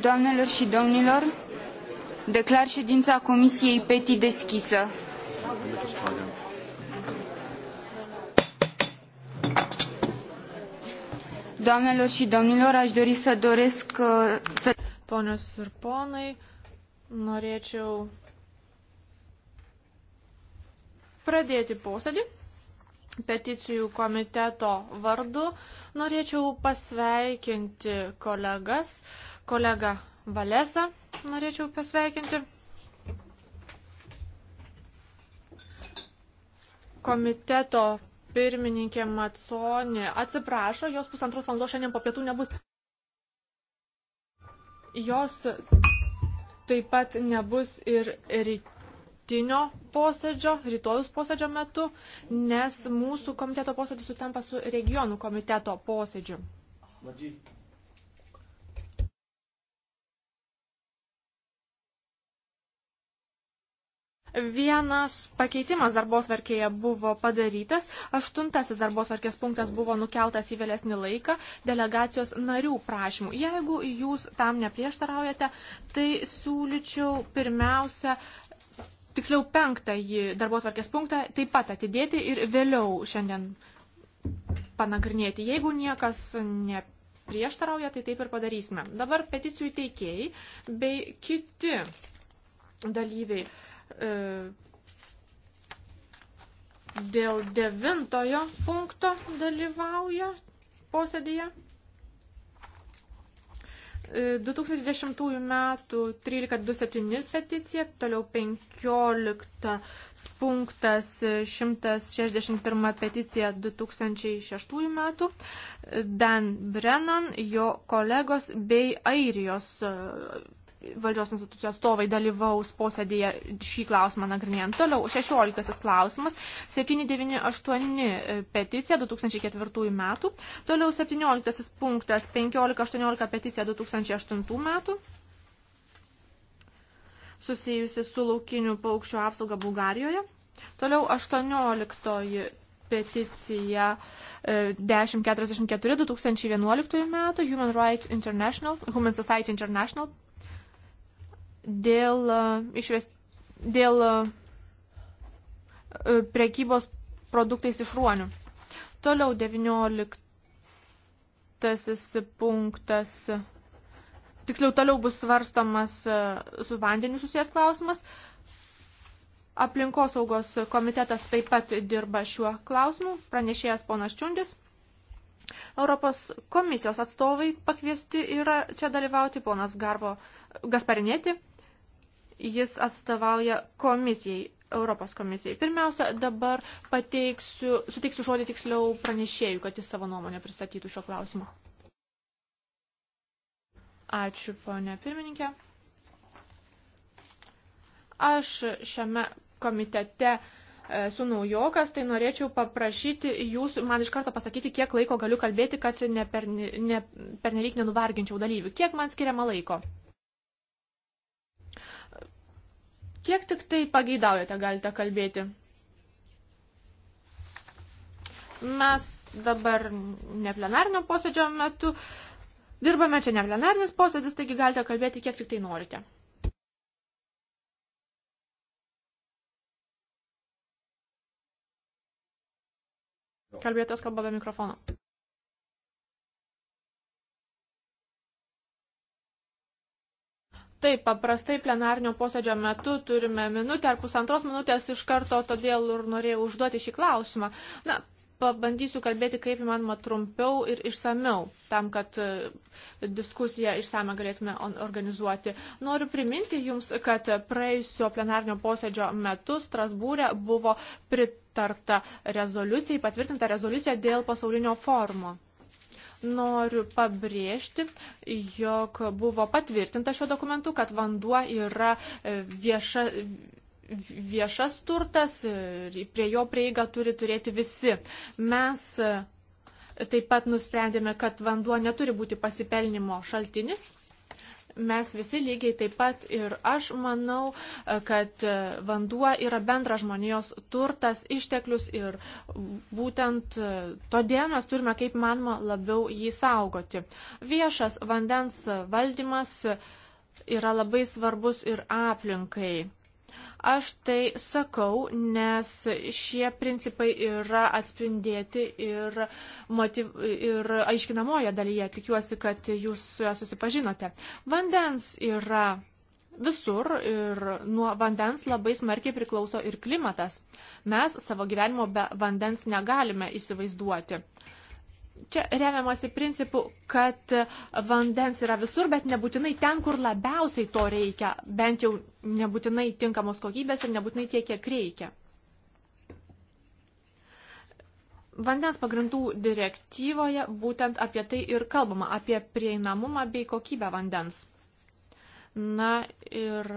Doamnelor și domnilor, declar ședința Comisiei PETI deschisă. Doamnelor și domnilor, aș dori să doresc uh, să... Ponios ir ponai, norėčiau pradėti posėdį. Peticijų komiteto vardu norėčiau pasveikinti kolegas, uh, kolegą Valesą norėčiau pasveikinti. Komiteto pirmininkė Matsoni atsiprašo, jos pusantros valandos šiandien po pietų nebus. Jos taip pat nebus ir rytinio posėdžio, rytojus posėdžio metu, nes mūsų komiteto posėdis sutampa su regionų komiteto posėdžiu. Madžiai. Vienas pakeitimas darbos verkėje buvo padarytas, aštuntasis darbos verkės punktas buvo nukeltas į vėlesnį laiką delegacijos narių prašymų. Jeigu jūs tam neprieštaraujate, tai siūlyčiau pirmiausia, tiksliau penktąjį darbos verkės punktą taip pat atidėti ir vėliau šiandien panagrinėti. Jeigu niekas ne prieštarauja, tai taip ir padarysime. Dabar peticijų teikėjai bei kiti dalyviai E, dėl devintojo punkto dalyvauja posėdėje. 2010 m. 13.27 peticija, toliau 15 punktas 161 peticija 2006 m. Dan Brennan, jo kolegos bei Airijos valdžios institucijų atstovai dalyvaus posėdėje šį klausimą nagrinėjant. Toliau, 16 klausimas, 798 peticija 2004 metų. Toliau, 17 punktas, 1518 peticija 2008 metų susijusi su laukiniu paukščių apsauga Bulgarijoje. Toliau 18 peticija 1044 e, 2011 metų Human Rights International, Human Society International dėl, išvest, dėl e, prekybos produktais iš ruonių. Toliau 19 punktas. Tiksliau, toliau bus svarstamas su vandeniu susijęs klausimas. Aplinkosaugos komitetas taip pat dirba šiuo klausimu, pranešėjas ponas Čiundis. Europos komisijos atstovai pakviesti yra čia dalyvauti ponas Garbo Gasparinėti, jis atstovauja komisijai, Europos komisijai. Pirmiausia, dabar pateiksiu, suteiksiu žodį tiksliau pranešėjų, kad jis savo nuomonę pristatytų šio klausimo. Ačiū, ponė pirmininkė. Aš šiame komitete esu naujokas, tai norėčiau paprašyti jūsų, man iš karto pasakyti, kiek laiko galiu kalbėti, kad ne per, ne, per nelik nenuvarginčiau dalyvių. Kiek man skiriama laiko? Kiek tik tai pageidaujate, galite kalbėti. Mes dabar ne plenarnio posėdžio metu, dirbame čia ne plenarnis posėdis, taigi galite kalbėti kiek tik tai norite. Kalbėtas kalba be mikrofono. Taip, paprastai plenarnio posėdžio metu turime minutę ar pusantros minutės iš karto, todėl ir norėjau užduoti šį klausimą. Na, pabandysiu kalbėti kaip įmanoma trumpiau ir išsameu, tam, kad e, diskusiją išsame galėtume organizuoti. Noriu priminti Jums, kad praėjusio plenarnio posėdžio metu Strasbūrė buvo pritarta rezoliucijai, patvirtinta rezoliucija dėl pasaulinio forumo noriu pabrėžti, jog buvo patvirtinta šio dokumentu, kad vanduo yra e, vieša, viešas turtas ir prie jo prieiga turi turėti visi. Mes e, taip pat nusprendėme, kad vanduo neturi būti pasipelnimo šaltinis mes visi lygiai taip pat ir aš manau, e, kad e, vanduo yra bendras žmonijos turtas, išteklius ir būtent e, todėl mes turime kaip manoma labiau jį saugoti. Viešas vandens valdymas yra labai svarbus ir aplinkai. Aš tai sakau, nes šie principai yra atspindėti ir, motiv, ir aiškinamoje dalyje. Tikiuosi, kad jūs su ja susipažinote. Vandens yra visur ir nuo vandens labai smarkiai priklauso ir klimatas. Mes savo gyvenimo be vandens negalime įsivaizduoti. Čia remiamasi principu, kad vandens yra visur, bet nebūtinai ten, kur labiausiai to reikia, bent jau nebūtinai tinkamos kokybės ir nebūtinai tiek, kiek reikia. Vandens pagrindų direktyvoje būtent apie tai ir kalbama, apie prieinamumą bei kokybę vandens. Na ir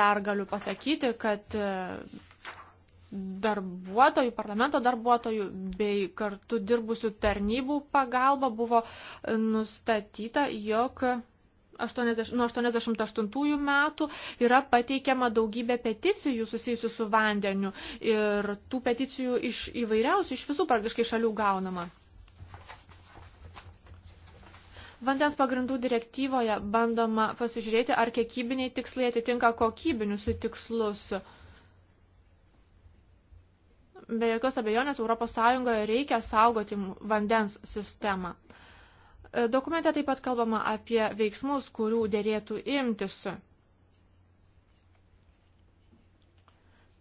dar galiu pasakyti, kad darbuotojų, parlamento darbuotojų bei kartu dirbusių tarnybų pagalba buvo e, nustatyta, jog 80, nuo 88 metų yra pateikiama daugybė peticijų susijusių su vandeniu ir tų peticijų iš įvairiausių, iš visų praktiškai šalių gaunama. Vandens pagrindų direktyvoje bandoma pasižiūrėti, ar kiekybiniai tikslai atitinka kokybinius tikslus. Uh, be jokios abejonės ES reikia saugoti vandens sistemą. E, dokumente taip pat kalbama apie veiksmus, kurių dėrėtų imtis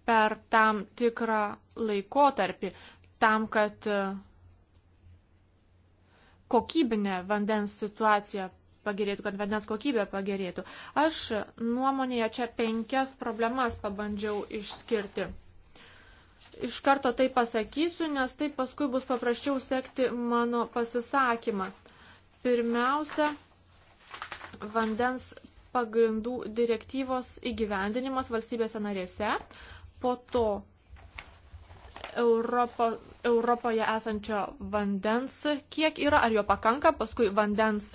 per tam tikrą laikotarpį, tam, kad e, kokybinė vandens situacija pagerėtų, kad vandens kokybė pagerėtų. Aš nuomonėje čia penkias problemas pabandžiau išskirti iš karto tai pasakysiu, nes taip paskui bus paprasčiau sekti mano pasisakymą. Pirmiausia, vandens pagrindų direktyvos įgyvendinimas valstybėse narėse, po to Europo, Europoje esančio vandens kiek yra, ar jo pakanka, paskui vandens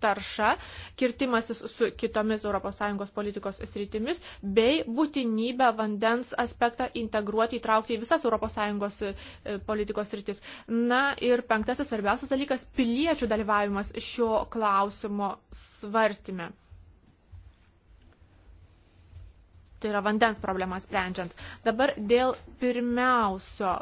tarša, kirtimasis su kitomis ES politikos sritimis, bei būtinybę vandens aspektą integruoti, įtraukti į visas ES e, politikos sritis. Na ir penktasis svarbiausias dalykas - piliečių dalyvavimas šio klausimo svarstyme. tai yra vandens problemą sprendžiant. Dabar dėl pirmiausio,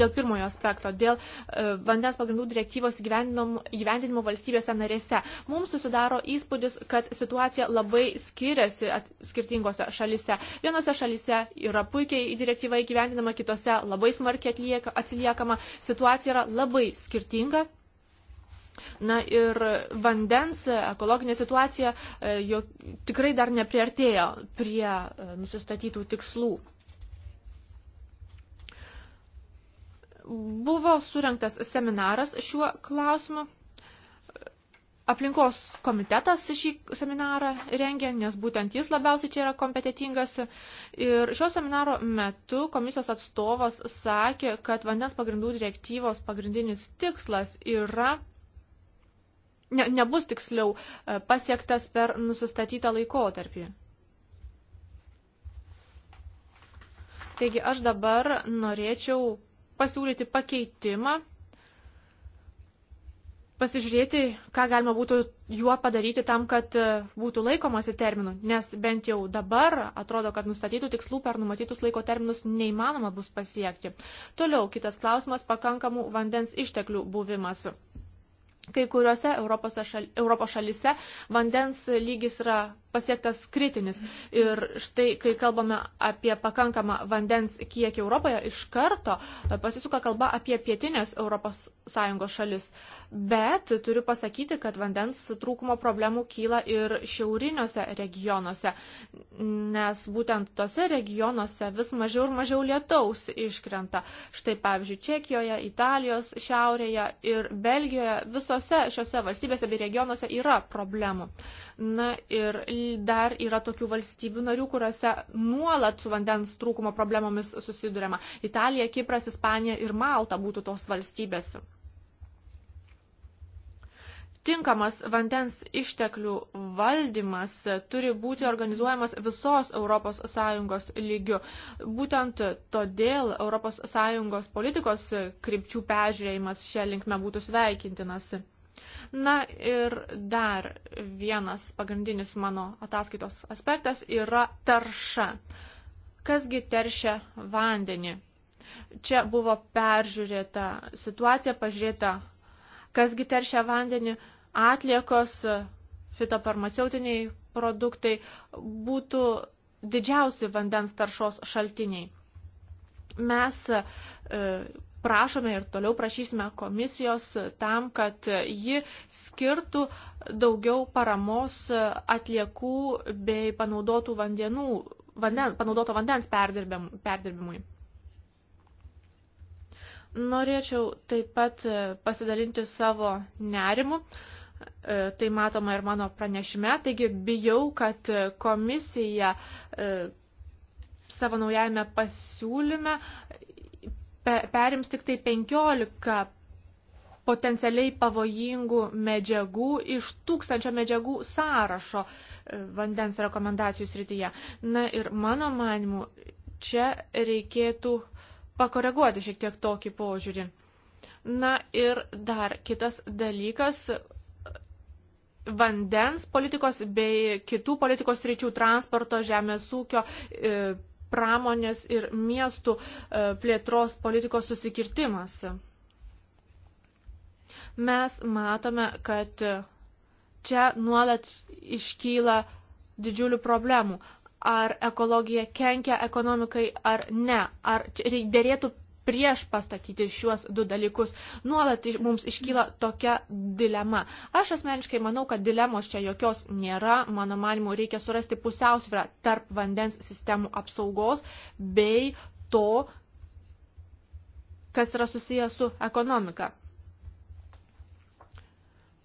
dėl pirmojo aspekto, dėl e, vandens pagrindų direktyvos įgyvendinimo valstybėse narėse. Mums susidaro įspūdis, kad situacija labai skiriasi skirtingose šalise. Vienose šalise yra puikiai direktyva įgyvendinama, kitose labai smarkiai atsiliekama. Situacija yra labai skirtinga Na ir vandens e, ekologinė situacija e, jo tikrai dar nepriartėjo prie e, nusistatytų tikslų. Buvo surinktas seminaras šiuo klausimu. Aplinkos komitetas šį seminarą rengė, nes būtent jis labiausiai čia yra kompetitingas. Ir šio seminaro metu komisijos atstovas sakė, kad vandens pagrindų direktyvos pagrindinis tikslas yra ne, nebus tiksliau e, pasiektas per nusistatytą laikotarpį. Taigi aš dabar norėčiau pasiūlyti pakeitimą, pasižiūrėti, ką galima būtų juo padaryti tam, kad e, būtų laikomasi terminų, nes bent jau dabar atrodo, kad nustatytų tikslų per numatytus laiko terminus neįmanoma bus pasiekti. Toliau kitas klausimas - pakankamų vandens išteklių buvimas. Kai kuriuose Europos, šal, Europos šalise vandens lygis yra pasiektas kritinis. Ir štai, kai kalbame apie pakankamą vandens kiekį Europoje, iš karto pasisuka kalba apie pietinės ES šalis. Bet turiu pasakyti, kad vandens trūkumo problemų kyla ir šiauriniuose regionuose, nes būtent tose regionuose vis mažiau ir mažiau lietaus iškrenta. Štai, pavyzdžiui, Čekijoje, Italijos šiaurėje ir Belgijoje visose šiose valstybėse bei regionuose yra problemų. Na ir dar yra tokių valstybių narių, kuriuose nuolat su vandens trūkumo problemomis susidurima. Italija, Kipras, Ispanija ir Malta būtų tos valstybės. Tinkamas vandens išteklių valdymas turi būti organizuojamas visos ES lygiu. Būtent todėl ES politikos krypčių pežiūrėjimas šią linkmę būtų sveikintinas. Na ir dar vienas pagrindinis mano ataskaitos aspektas yra tarša. Kasgi teršia vandenį? Čia buvo peržiūrėta situacija, pažiūrėta, kasgi teršia vandenį, atliekos, fitofarmaceutiniai produktai būtų didžiausi vandens taršos šaltiniai. Mes e, prašome ir toliau prašysime komisijos tam, kad ji skirtų daugiau paramos atliekų bei panaudotų vandenų, vanden, panaudoto vandens perdirbimui. Norėčiau taip pat pasidalinti savo nerimu. E, tai matoma ir mano pranešime. Taigi bijau, kad komisija e, savo naujajame pasiūlyme perims tik tai 15 potencialiai pavojingų medžiagų iš tūkstančio medžiagų sąrašo e, vandens rekomendacijų srityje. Na ir mano manimu, čia reikėtų pakoreguoti šiek tiek tokį požiūrį. Na ir dar kitas dalykas vandens politikos bei kitų politikos ryčių transporto, žemės ūkio, e, pramonės ir miestų e, plėtros politikos susikirtimas. Mes matome, kad čia nuolat iškyla didžiulių problemų. Ar ekologija kenkia ekonomikai ar ne? Ar dėrėtų prieš pastatyti šiuos du dalykus. Nuolat mums iškyla tokia dilema. Aš asmeniškai manau, kad dilemos čia jokios nėra. Mano manimu, reikia surasti pusiausvyrą tarp vandens sistemų apsaugos bei to, kas yra susijęs su ekonomika.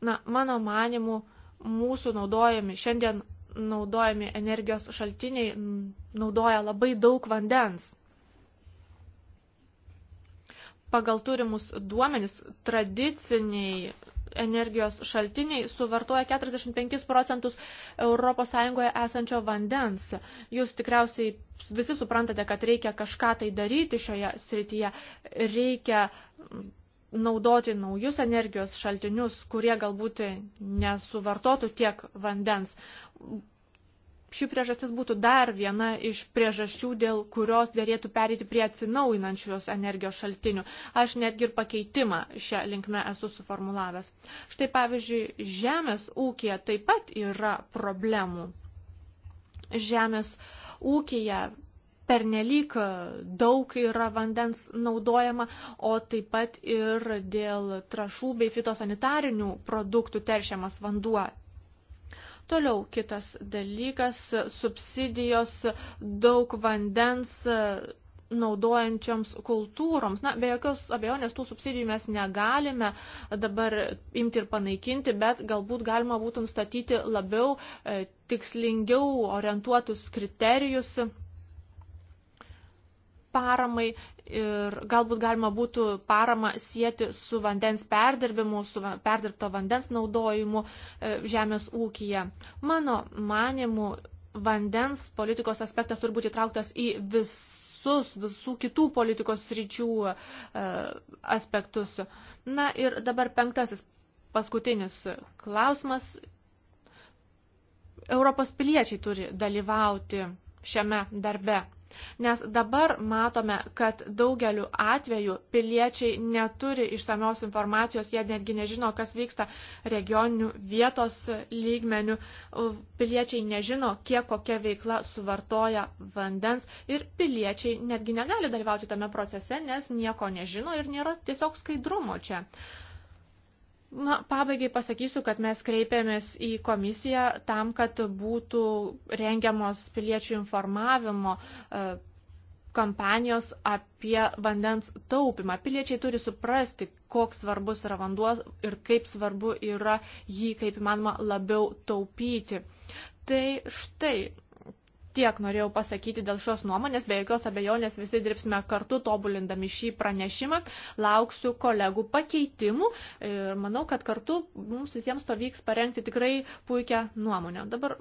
Na, mano manimu, mūsų naudojami šiandien naudojami energijos šaltiniai naudoja labai daug vandens pagal turimus duomenis tradiciniai energijos šaltiniai suvartoja 45 procentus ES esančio vandens. Jūs tikriausiai visi suprantate, kad reikia kažką tai daryti šioje srityje. Reikia naudoti naujus energijos šaltinius, kurie galbūt nesuvartotų tiek vandens ši priežastis būtų dar viena iš priežasčių, dėl kurios dėlėtų perėti prie atsinaujinančios energijos šaltinių. Aš netgi ir pakeitimą šią linkmę esu suformulavęs. Štai pavyzdžiui, žemės ūkija taip pat yra problemų. Žemės ūkija pernelyk daug yra vandens naudojama, o taip pat ir dėl trašų bei fitosanitarinių produktų teršiamas vanduo Toliau kitas dalykas - subsidijos daug vandens naudojančioms kultūroms. Na, be jokios abejonės tų subsidijų mes negalime dabar imti ir panaikinti, bet galbūt galima būtų nustatyti labiau e, tikslingiau orientuotus kriterijus paramai ir galbūt galima būtų paramą sieti su vandens perdirbimu, su perdirbto vandens naudojimu e, žemės ūkija. Mano manimu, vandens politikos aspektas turi būti įtrauktas į visus visų kitų politikos sričių e, aspektus. Na ir dabar penktasis, paskutinis klausimas. Europos piliečiai turi dalyvauti šiame darbe. Nes dabar matome, kad daugeliu atveju piliečiai neturi išsamios informacijos, jie netgi nežino, kas vyksta regioninių vietos lygmenių, piliečiai nežino, kiek kokia veikla suvartoja vandens ir piliečiai netgi negali dalyvauti tame procese, nes nieko nežino ir nėra tiesiog skaidrumo čia. Na, pabaigai pasakysiu, kad mes kreipėmės į komisiją tam, kad būtų rengiamos piliečių informavimo e, kampanijos apie vandens taupimą. Piliečiai turi suprasti, koks svarbus yra vanduo ir kaip svarbu yra jį, kaip įmanoma, labiau taupyti. Tai štai Tiek norėjau pasakyti dėl šios nuomonės, be jokios abejonės visi dirbsime kartu tobulindami šį pranešimą, lauksiu kolegų pakeitimų ir manau, kad kartu mums visiems pavyks parengti tikrai puikią nuomonę. Dabar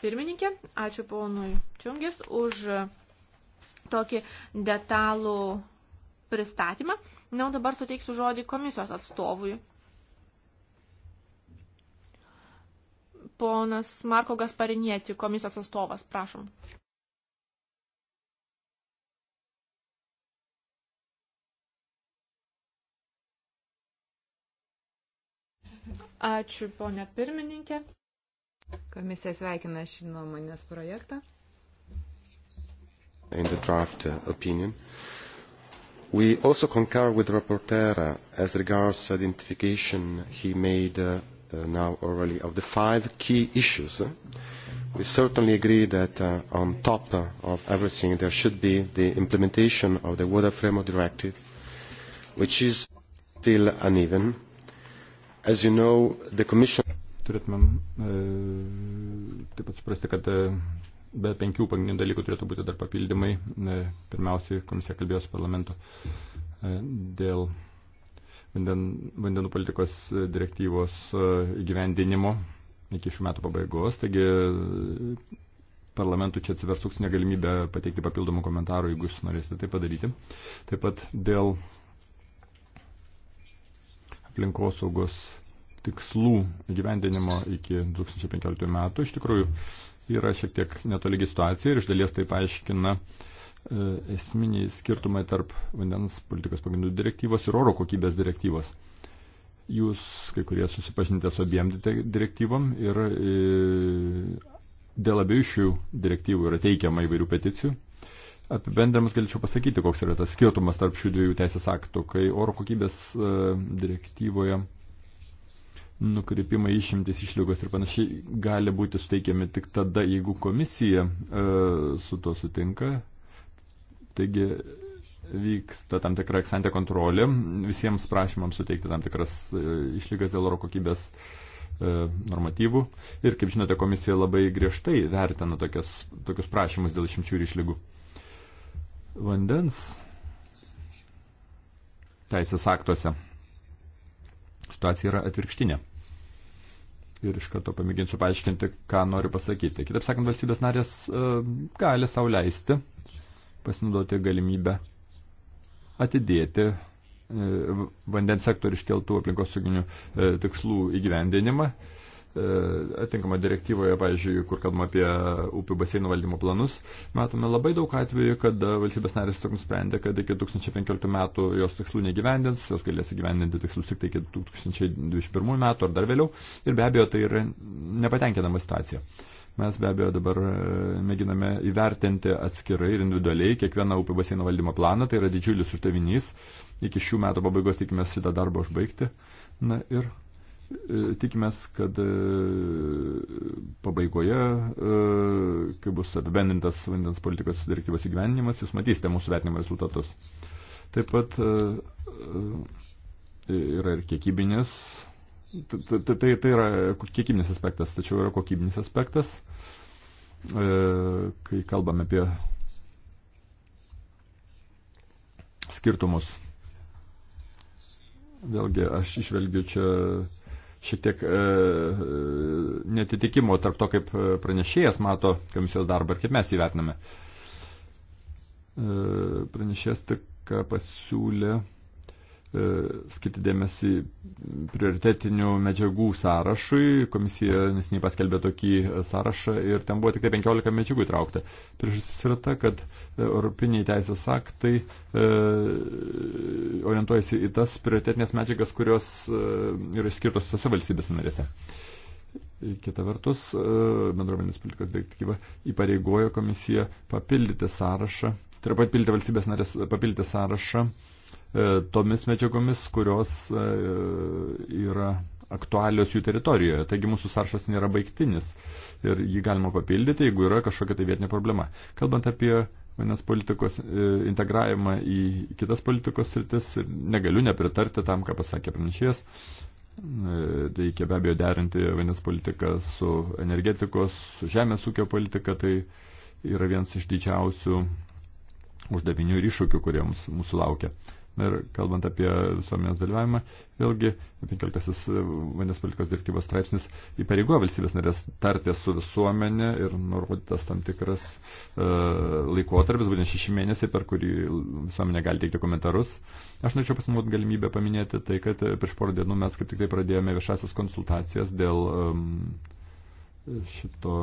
pirmininkė, ačiū ponui Čiungis už tokį detalų pristatymą. Na, o dabar suteiksiu žodį komisijos atstovui. Ponas Marko Gasparinėti, komisijos atstovas, prašom. Ačiū, ponia pirmininkė. Komisija sveikina šį nuomonės projektą. In the draft uh, opinion. We also concur with the rapporteur uh, as regards identification he made uh, uh, now orally of the five key issues. Uh, we certainly agree that uh, on top uh, of everything there should be the implementation of the Water Framework Directive, which is still uneven. As you know, the Commission... Turėtumėm e, taip pat suprasti, kad e, be penkių pagrindinių dalykų turėtų būti dar papildymai. E, pirmiausiai komisija kalbėjo su parlamentu e, dėl e, vanden, vandenų politikos e, direktyvos e, įgyvendinimo iki šių metų pabaigos. Taigi e, parlamentui čia atsivers auksinė galimybė pateikti papildomų komentarų, jeigu jūs norėsite tai padaryti. Taip pat dėl aplinkosaugos tikslų gyvendinimo iki 2015 metų iš tikrųjų yra šiek tiek netolygi situacija ir iš dalies tai paaiškina uh, E, esminiai skirtumai tarp vandens politikos pagrindų direktyvos ir oro kokybės direktyvos. Jūs kai kurie susipažinite su abiem direktyvom ir e, dėl abiejų šių direktyvų yra teikiama įvairių peticijų. Apibendrams galėčiau pasakyti, koks yra tas skirtumas tarp šių dviejų teisės aktų, kai oro kokybės e, direktyvoje nukreipimai išimtis išlygos ir panašiai gali būti suteikiami tik tada, jeigu komisija e, su to sutinka Taigi vyksta tam tikra eksantė kontrolė visiems prašymams suteikti tam tikras e, išlygas dėl oro kokybės e, normatyvų. Ir, kaip žinote, komisija labai griežtai vertina tokias, tokius prašymus dėl išimčių ir išlygų. Vandens teisės aktuose situacija yra atvirkštinė. Ir iš karto pamėginsiu paaiškinti, ką noriu pasakyti. Kitaip sakant, valstybės narės e, gali sau leisti pasinaudoti galimybę atidėti e, vandens sektorių iškeltų aplinkosauginių e, tikslų įgyvendinimą. E, atinkama direktyvoje, pavyzdžiui, kur kalbama apie upių baseinų valdymo planus, matome labai daug atvejų, kad valstybės narės tiesiog nusprendė, kad iki 2015 metų jos tikslų negyvendins, jos galės įgyvendinti tikslus tik tai iki 2021 metų ar dar vėliau. Ir be abejo, tai yra nepatenkinama situacija. Mes be abejo dabar e, mėginame įvertinti atskirai ir individualiai kiekvieną upių baseino valdymo planą, tai yra didžiulis uždavinys. Iki šių metų pabaigos tikimės šitą darbą užbaigti. Na ir e, tikimės, kad e, pabaigoje, kai bus apibendintas vandens politikos direktyvos įgyvenimas, jūs matysite mūsų vertinimo rezultatus. Taip pat yra ir kiekybinės Tai, tai, tai yra kiekybinis aspektas, tačiau yra kokybinis aspektas, e, kai kalbame apie skirtumus. Vėlgi, aš išvelgiu čia šiek tiek e, netitikimo tarp to, kaip pranešėjas mato komisijos darbą ir kaip mes įvertiname. E, pranešėjas tik pasiūlė E, skirti dėmesį prioritetinių medžiagų sąrašui. Komisija nesiniai paskelbė tokį e, sąrašą ir ten buvo tik tai 15 medžiagų įtraukta. Priežastis yra ta, kad e, europiniai teisės aktai e, orientuojasi į tas prioritetinės medžiagas, kurios e, yra skirtos visose valstybės narėse. Kita vertus, bendruomenės politikos direktyva įpareigojo komisiją papildyti sąrašą, tai yra papildyti valstybės narės, papildyti sąrašą uh, E, tomis medžiagomis, kurios e, yra aktualios jų teritorijoje. Taigi mūsų sąrašas nėra baigtinis ir jį galima papildyti, jeigu yra kažkokia tai vietinė problema. Kalbant apie vandens politikos e, integravimą į kitas politikos sritis, negaliu nepritarti tam, ką pasakė pranešėjas. Reikia be abejo derinti vandens politiką su energetikos, su žemės ūkio politika, tai yra vienas iš didžiausių uždavinių ir iššūkių, kurie mūsų laukia. Ir kalbant apie visuomenės dalyvavimą, vėlgi 15 vandens politikos direktyvos straipsnis įpareigoja valstybės narės tartė su visuomenė ir nurodytas tam tikras e, laikotarpis, būtent šeši mėnesiai, per kurį visuomenė gali teikti komentarus. Aš norėčiau pasinaudoti galimybę paminėti tai, kad prieš porą dienų mes kaip tik tai pradėjome viešasias konsultacijas dėl um, šito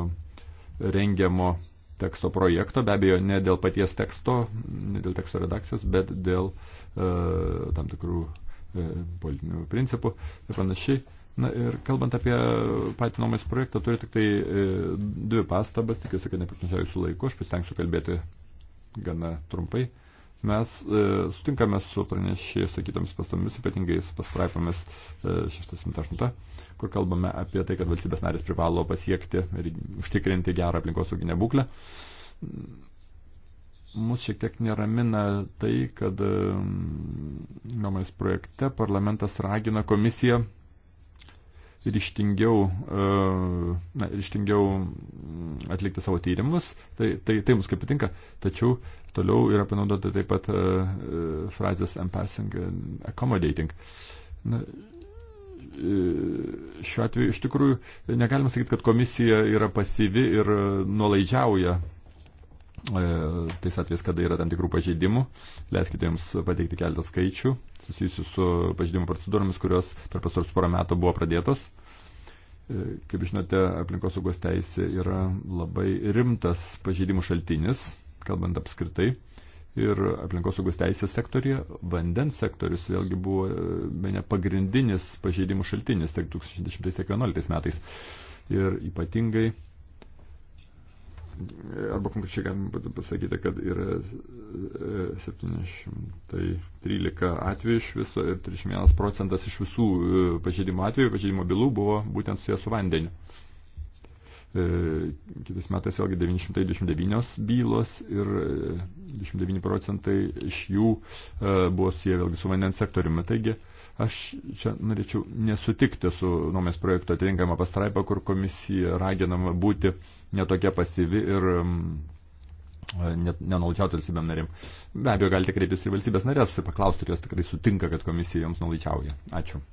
rengiamo teksto projekto, be abejo, ne dėl paties teksto, ne dėl teksto redakcijos, bet dėl uh, E, tam tikrų e, politinių principų ir panašiai. Na ir kalbant apie patį nuomės projektą, turiu tik tai e, dvi pastabas, tikiuosi, kad nepiknusiauju su laiku, aš pasitengsiu kalbėti gana trumpai. Mes e, sutinkame su pranešėjai sakytomis pastomis, ypatingai su pastraipomis e, 6.8, kur kalbame apie tai, kad valstybės narės privalo pasiekti ir užtikrinti gerą aplinkosauginę būklę. Mūsų šiek tiek neramina tai, kad mm, nuomonės projekte parlamentas ragina komisiją ryštingiau, e, na, ryštingiau mm, atlikti savo tyrimus, tai, tai, tai mums kaip patinka, tačiau toliau yra panaudota taip pat e, e, frazės empassing, accommodating. Na, šiuo atveju iš tikrųjų negalima sakyti, kad komisija yra pasyvi ir nuolaidžiauja E, tais atvejais, kada yra tam tikrų pažeidimų. Leiskite jums pateikti keletą skaičių susijusių su pažeidimų procedūromis, kurios per pastarus porą metų buvo pradėtos. E, kaip žinote, aplinkosaugos teisė yra labai rimtas pažeidimų šaltinis, kalbant apskritai. Ir aplinkosaugos teisės sektorija, vandens sektorius vėlgi buvo e, bene pagrindinis pažeidimų šaltinis tiek 2010, tiek 2011 metais. Ir ypatingai arba konkrečiai galima būtų pasakyti, kad yra 713 e, atvejų iš viso ir 31 procentas iš visų e, pažeidimo atvejų, pažeidimo bylų buvo būtent su jie su vandeniu. E, kitais metais vėlgi 929 bylos ir 29 e, procentai iš jų e, buvo susiję vėlgi su vandens sektoriumi. Taigi aš čia norėčiau nesutikti su nuomės projekto atitinkama pastraipa, kur komisija raginama būti netokia pasyvi ir nenaučiauti valstybėm narim. Be abejo, galite kreiptis ir valstybės narės ir paklausti, ar jos tikrai sutinka, kad komisija joms naučiauja. Ačiū.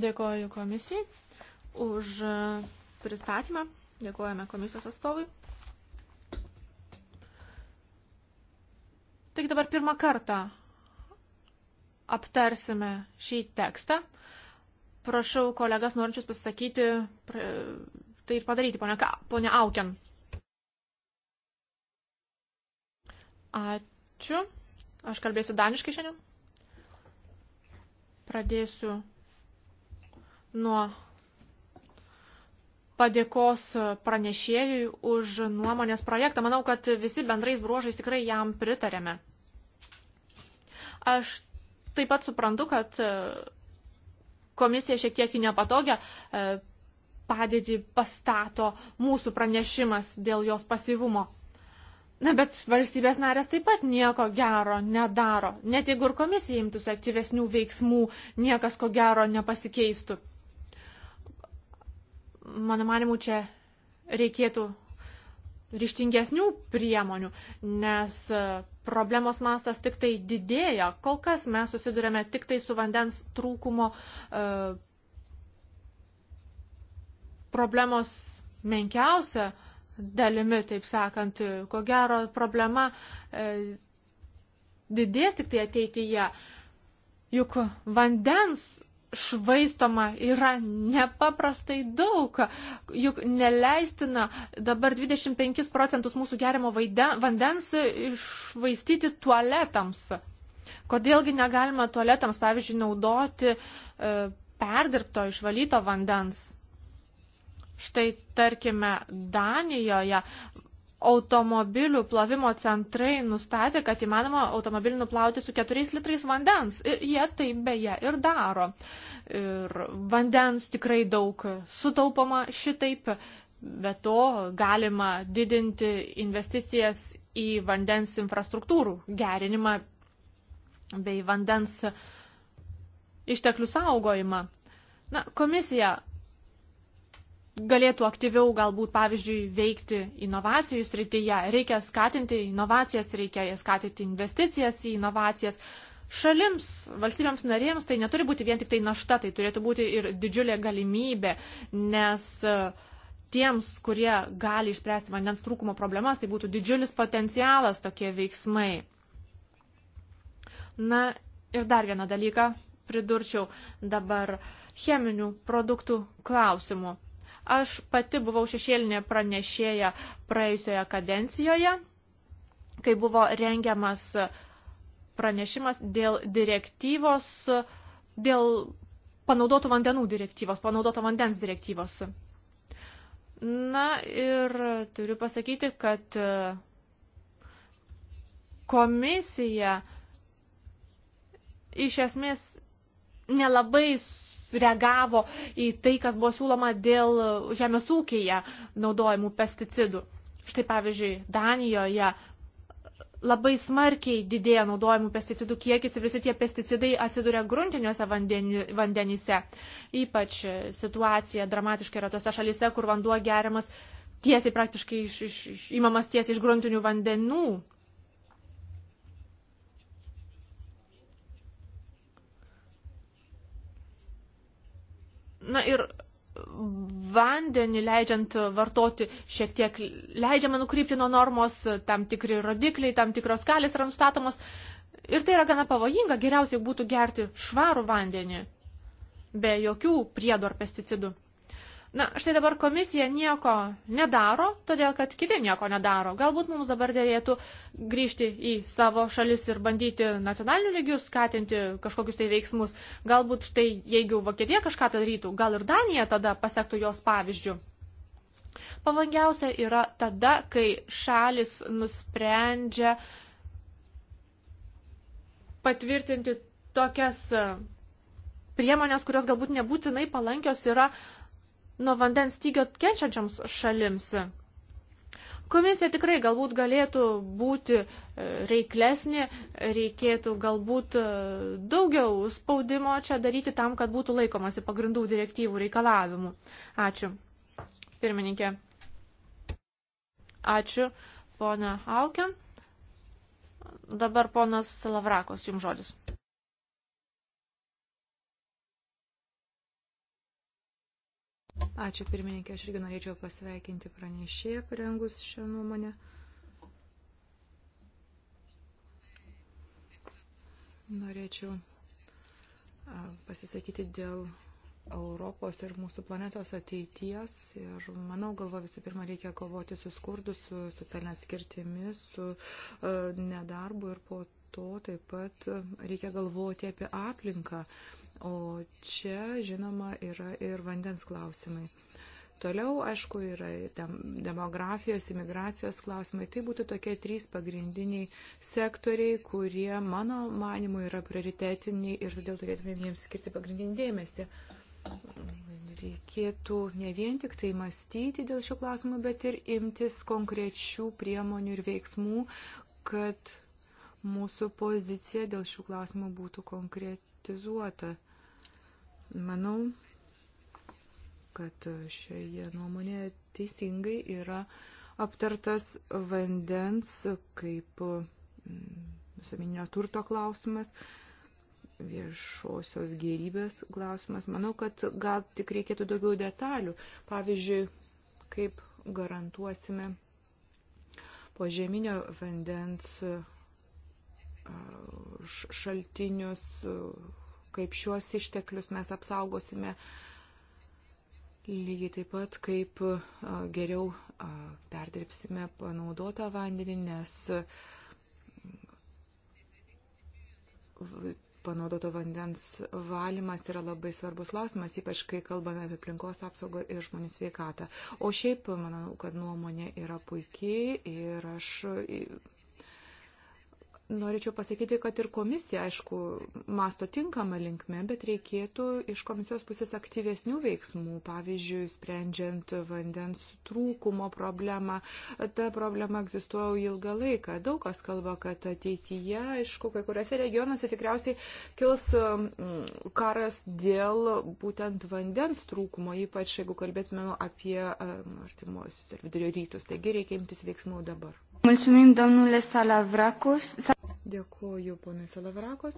Dėkoju komisijai už e, pristatymą. Dėkojame komisijos atstovui. Tik dabar pirmą kartą aptarsime šį tekstą. Prašau kolegas norinčius pasisakyti, tai ir padaryti, ponia, ponia Auken. Ačiū. Aš kalbėsiu daniškai šiandien. Pradėsiu nuo padėkos pranešėjui už nuomonės projektą. Manau, kad visi bendrais bruožais tikrai jam pritarėme. Aš taip pat suprantu, kad komisija šiek tiek į nepatogią e, padėtį pastato mūsų pranešimas dėl jos pasivumo. Na, bet valstybės narės taip pat nieko gero nedaro. Net jeigu ir komisija imtųsi aktyvesnių veiksmų, niekas ko gero nepasikeistų mano manimu, čia reikėtų ryštingesnių priemonių, nes e, problemos mastas tik tai didėja. Kol kas mes susidurėme tik tai su vandens trūkumo e, problemos menkiausia dalimi, taip sakant. Ko gero, problema e, didės tik tai ateityje. Juk vandens švaistoma yra nepaprastai daug, juk neleistina dabar 25 procentus mūsų geriamo vandens išvaistyti tualetams. Kodėlgi negalima tualetams, pavyzdžiui, naudoti e, perdirbto išvalyto vandens? Štai, tarkime, Danijoje automobilių plovimo centrai nustatė, kad įmanoma automobilį nuplauti su 4 litrais vandens. Ir jie tai beje ir daro. Ir vandens tikrai daug sutaupama šitaip. Be to galima didinti investicijas į vandens infrastruktūrų gerinimą bei vandens išteklių saugojimą. Na, komisija galėtų aktyviau galbūt, pavyzdžiui, veikti inovacijų srityje. Reikia skatinti inovacijas, reikia skatinti investicijas į inovacijas. Šalims, valstybėms narėms tai neturi būti vien tik tai našta, tai turėtų būti ir didžiulė galimybė, nes e, tiems, kurie gali išspręsti vandens trūkumo problemas, tai būtų didžiulis potencialas tokie veiksmai. Na ir dar vieną dalyką pridurčiau dabar cheminių produktų klausimų Aš pati buvau šešėlinė pranešėja praėjusioje kadencijoje, kai buvo rengiamas pranešimas dėl direktyvos, dėl panaudotų vandenų direktyvos, panaudoto vandens direktyvos. Na ir turiu pasakyti, kad e, komisija iš esmės nelabai reagavo į tai, kas buvo siūloma dėl žemės ūkėje naudojimų pesticidų. Štai pavyzdžiui, Danijoje labai smarkiai didėja naudojimų pesticidų kiekis ir visi tie pesticidai atsiduria gruntiniuose vandenyse. Ypač situacija dramatiška yra tose šalyse, kur vanduo geriamas tiesiai praktiškai iš, iš, iš, imamas tiesiai iš gruntinių vandenų. Na ir vandenį leidžiant vartoti šiek tiek leidžiama nukrypti nuo normos, tam tikri rodikliai, tam tikros skalės yra nustatomos. Ir tai yra gana pavojinga, geriausiai būtų gerti švarų vandenį, be jokių priedų ar pesticidų. Na, štai dabar komisija nieko nedaro, todėl kad kiti nieko nedaro. Galbūt mums dabar dėlėtų grįžti į savo šalis ir bandyti nacionaliniu lygiu skatinti kažkokius tai veiksmus. Galbūt štai jeigu Vokietija kažką tai darytų, gal ir Danija tada pasektų jos pavyzdžių. Pavangiausia yra tada, kai šalis nusprendžia patvirtinti tokias priemonės, kurios galbūt nebūtinai palankios yra uh, nuo vandens stygio kenčiančioms šalims. Komisija tikrai galbūt galėtų būti e, reiklesnė, reikėtų galbūt e, daugiau spaudimo čia daryti tam, kad būtų laikomasi pagrindų direktyvų reikalavimų. Ačiū. Pirmininkė. Ačiū, ponia Hauken. Dabar ponas Lavrakos, jums žodis. Ačiū pirmininkė, aš irgi norėčiau pasveikinti pranešėją parengus šią nuomonę. Norėčiau pasisakyti dėl Europos ir mūsų planetos ateities. Ir manau, galvo visų pirma, reikia kovoti su skurdu, su socialinė skirtimi, su uh, nedarbu ir po to taip pat reikia galvoti apie aplinką. Uh, O čia, žinoma, yra ir vandens klausimai. Toliau, aišku, yra demografijos, imigracijos klausimai. Tai būtų tokie trys pagrindiniai sektoriai, kurie, mano manimu, yra prioritetiniai ir todėl turėtumėm jiems skirti pagrindinį dėmesį. Reikėtų ne vien tik tai mąstyti dėl šių klausimų, bet ir imtis konkrečių priemonių ir veiksmų, kad mūsų pozicija dėl šių klausimų būtų konkretizuota. Manau, kad šioje nuomonėje teisingai yra aptartas vandens kaip mm, visuomeninio turto klausimas, viešosios gerybės klausimas. Manau, kad gal tik reikėtų daugiau detalių. Pavyzdžiui, kaip garantuosime požeminio vandens šaltinius, kaip šiuos išteklius mes apsaugosime, lygiai taip pat kaip geriau perdirbsime panaudotą vandenį, nes panaudoto vandens valymas yra labai svarbus klausimas, ypač kai kalbame apie aplinkos apsaugą ir žmonių sveikatą. O šiaip, manau, kad nuomonė yra puikiai ir aš Norėčiau pasakyti, kad ir komisija, aišku, masto tinkamą linkme, bet reikėtų iš komisijos pusės aktyvesnių veiksmų, pavyzdžiui, sprendžiant vandens trūkumo problemą. Ta problema egzistuoja ilgą laiką. Daug kas kalba, kad ateityje, aišku, kai kuriuose regionuose tikriausiai kils karas dėl būtent vandens trūkumo, ypač jeigu kalbėtume apie artimuosius ir vidurio rytus. Taigi reikia imtis veiksmų dabar. Mulțumim, domnule Salavrakos. Dėkuoju ponui Salavrakos.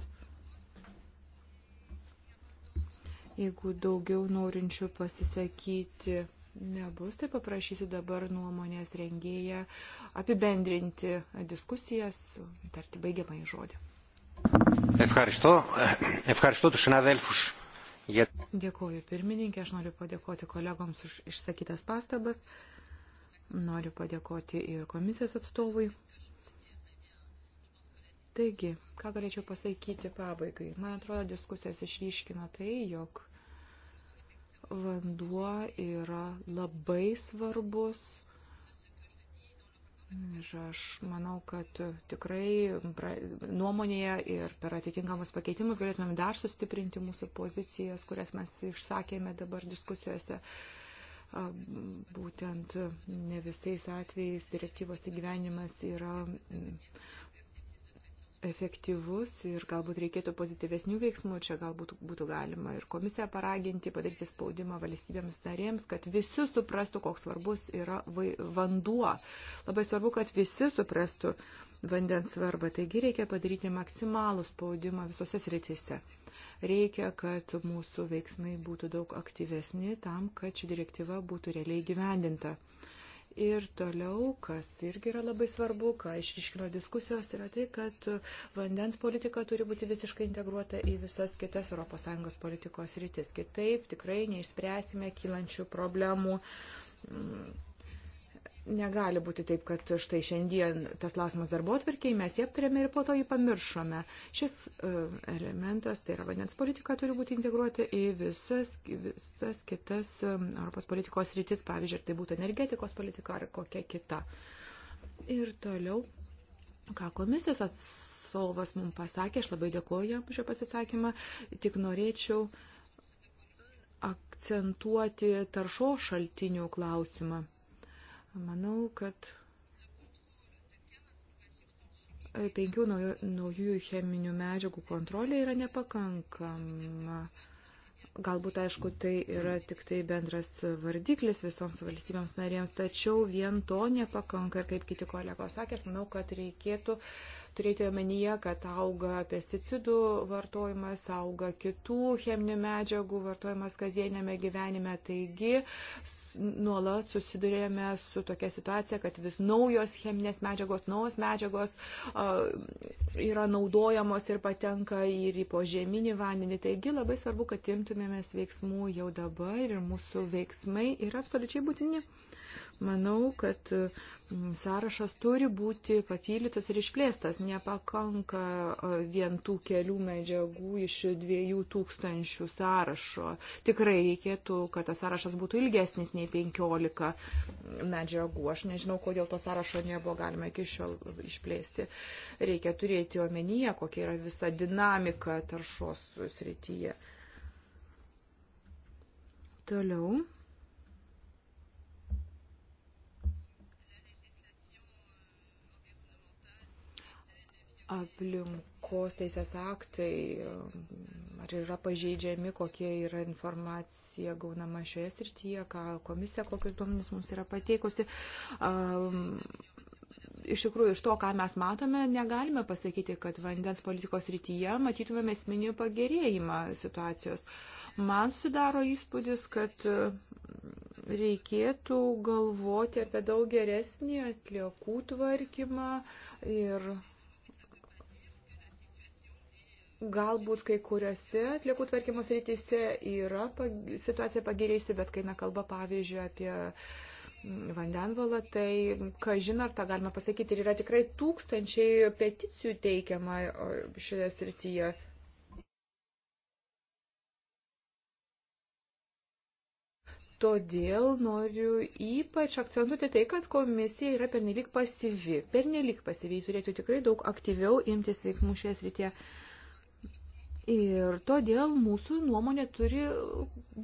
Jeigu daugiau norinčių pasisakyti nebus, tai paprašysiu dabar nuomonės rengėją apibendrinti diskusijas, tarti baigiamą į žodį. Dėkuoju pirmininkė, aš noriu padėkoti kolegoms už išsakytas pastabas, noriu padėkoti ir komisijos atstovui Taigi, ką galėčiau pasakyti pabaigai? Man atrodo, diskusijos išryškino tai, jog vanduo yra labai svarbus Ir aš manau, kad tikrai nuomonėje ir per atitinkamus pakeitimus galėtumėm dar sustiprinti mūsų pozicijas, kurias mes išsakėme dabar diskusijose. Būtent ne visais atvejais direktyvos įgyvenimas yra efektyvus ir galbūt reikėtų pozityvesnių veiksmų. Čia galbūt būtų galima ir komisiją paraginti, padaryti spaudimą valstybėms narėms, kad visi suprastų, koks svarbus yra vanduo. Labai svarbu, kad visi suprastų vandens svarbą. Taigi reikia padaryti maksimalų spaudimą visose sritise. Reikia, kad mūsų veiksmai būtų daug aktyvesni tam, kad ši direktyva būtų realiai gyvendinta. Ir toliau, kas irgi yra labai svarbu, ką išriškino diskusijos, yra tai, kad vandens politika turi būti visiškai integruota į visas kitas ES politikos rytis. Kitaip tikrai neišspręsime kylančių problemų. Mm Negali būti taip, kad štai šiandien tas klausimas darbo atverkiai mes jį aptarėme ir po to jį pamiršome. Šis e, elementas, tai yra vandens politika, turi būti integruoti į visas, visas kitas e, Europos politikos rytis, pavyzdžiui, ar tai būtų energetikos politika ar kokia kita. Ir toliau, ką komisijos atstovas mums pasakė, aš labai dėkoju jam šio pasisakymą, tik norėčiau akcentuoti taršo šaltinių klausimą Manau, kad penkių naujų, naujųjų cheminių medžiagų kontrolė yra nepakankama. Galbūt, aišku, tai yra tik tai bendras vardiklis visoms valstybėms narėms, tačiau vien to nepakanka. Ir kaip kiti kolegos sakė, aš manau, kad reikėtų turėti omenyje, kad auga pesticidų vartojimas, auga kitų cheminių medžiagų vartojimas kasdienėme gyvenime. Taigi, nuolat susidurėjome su tokia situacija, kad vis naujos cheminės medžiagos, naujos medžiagos yra naudojamos ir patenka ir į požeminį vandenį. Taigi labai svarbu, kad imtumėmės veiksmų jau dabar ir mūsų veiksmai yra absoliučiai būtini. Manau, kad mm, sąrašas turi būti papildytas ir išplėstas. Nepakanka vien tų kelių medžiagų iš dviejų tūkstančių sąrašo. Tikrai reikėtų, kad tas sąrašas būtų ilgesnis nei penkiolika medžiagų. Aš nežinau, kodėl to sąrašo nebuvo galima iki šiol išplėsti. Reikia turėti omenyje, kokia yra visa dinamika taršos srityje. Toliau. aplinkos teisės aktai, ar yra pažeidžiami, kokie yra informacija gaunama šioje srityje, ką komisija, kokius duomenys mums yra pateikusi. Um, iš tikrųjų, iš to, ką mes matome, negalime pasakyti, kad vandens politikos rytyje matytumėme esminį pagerėjimą situacijos. Man sudaro įspūdis, kad reikėtų galvoti apie daug geresnį atliekų tvarkymą ir Galbūt kai kuriuose atliekų tvarkymo srityse yra situacija pagerėjusi, bet kai nekalba pavyzdžiui apie mm, vandenvalą, tai mm, kažin ar tą galima pasakyti, ir yra tikrai tūkstančiai peticijų teikiama šioje srityje. Todėl noriu ypač akcentuoti tai, kad komisija yra pernelyg pasyvi. Pernelyg pasyviai turėtų tikrai daug aktyviau imtis veiksmų šioje srityje. Ir todėl mūsų nuomonė turi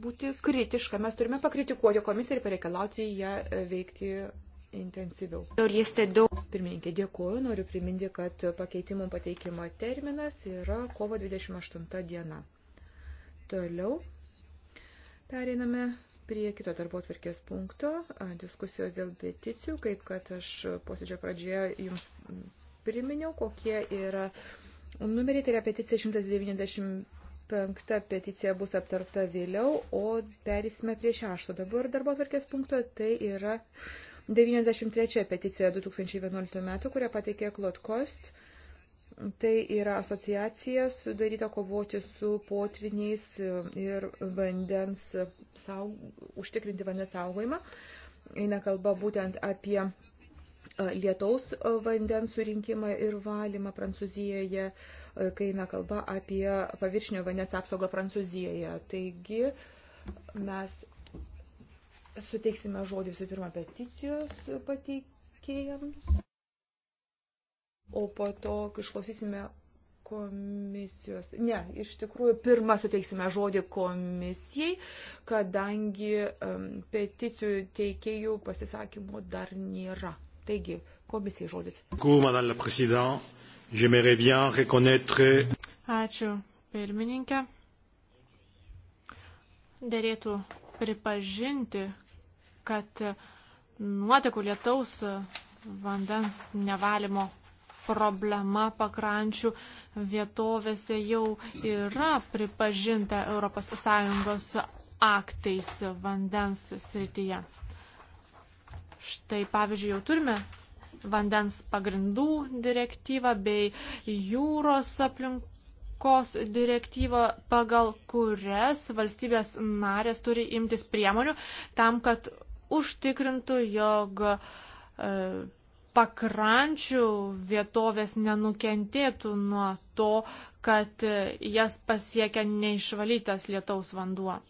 būti kritiška. Mes turime pakritikuoti komisiją ir pareikalauti ją veikti intensyviau. Pirmininkė, dėkuoju. Noriu priminti, kad pakeitimų pateikimo terminas yra kovo 28 diena. Toliau pereiname prie kito darbo atvarkės punkto, diskusijos dėl peticijų, kaip kad aš posėdžio pradžioje jums priminiau, kokie yra uh, Numerį tai yra peticija 195 peticija bus aptarta vėliau, o perėsime prie šešto. Dabar darbo tvarkės punkto tai yra 93 peticija 2011 metų, kurią pateikė Klot Kost. Tai yra asociacija sudaryta kovoti su potviniais ir vandens saug... užtikrinti vandens saugojimą. Eina kalba būtent apie lietaus vandens surinkimą ir valymą Prancūzijoje, kai eina kalba apie paviršinio vandens apsaugą Prancūzijoje. Taigi mes suteiksime žodį visų pirma peticijos pateikėjams, o po to išklausysime komisijos. Ne, iš tikrųjų, pirmą suteiksime žodį komisijai, kadangi um, peticijų teikėjų pasisakymų dar nėra. Taigi, komisijai žodis. Ačiū, pirmininkė. Dėrėtų pripažinti, kad nuotekų lietaus vandens nevalymo problema pakrančių vietovėse jau yra pripažinta ES aktais vandens srityje. Štai pavyzdžiui, jau turime vandens pagrindų direktyvą bei jūros aplinkos direktyvą, pagal kurias valstybės narės turi imtis priemonių tam, kad užtikrintų, jog e, pakrančių vietovės nenukentėtų nuo to, kad jas pasiekia neišvalytas lietaus vanduo.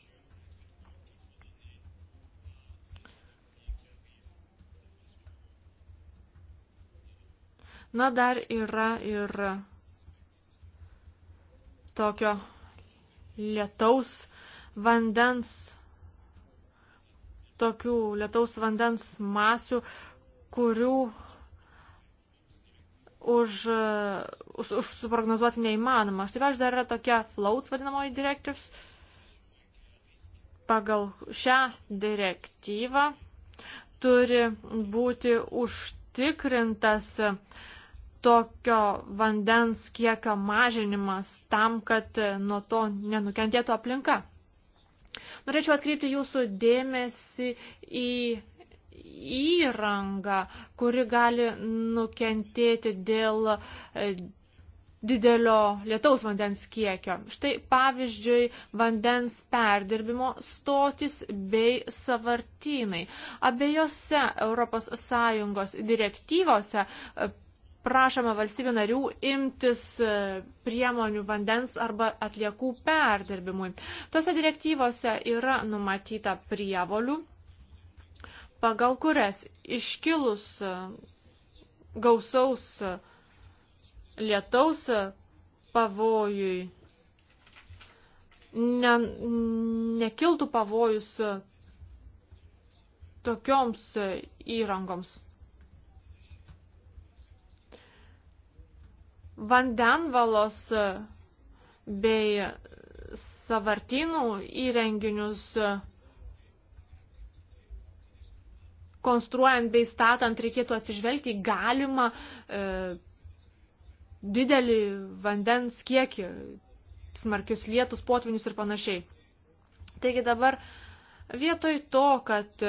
Na, dar yra ir tokio lietaus vandens, tokių lietaus vandens masių, kurių už, už, už suprognozuoti neįmanoma. Štai aš dar yra tokia float vadinamoji directives. Pagal šią direktyvą turi būti užtikrintas uh, tokio vandens kiekio mažinimas tam, kad nuo to nenukentėtų aplinka. Norėčiau atkreipti jūsų dėmesį į įrangą, kuri gali nukentėti dėl e, didelio lietaus vandens kiekio. Štai pavyzdžiui, vandens perdirbimo stotis bei savartynai. Abiejose ES direktyvose e, prašome valstybių narių imtis e, priemonių vandens arba atliekų perdirbimui. Tose direktyvose yra numatyta prievolių, pagal kurias iškilus e, gausaus e, lietaus pavojui ne, nekiltų pavojus tokioms įrangoms. vandenvalos e, bei savartinų įrenginius e, konstruojant bei statant reikėtų atsižvelgti į galimą e, didelį vandens kiekį, smarkius lietus, potvinius ir panašiai. Taigi dabar vietoj to, kad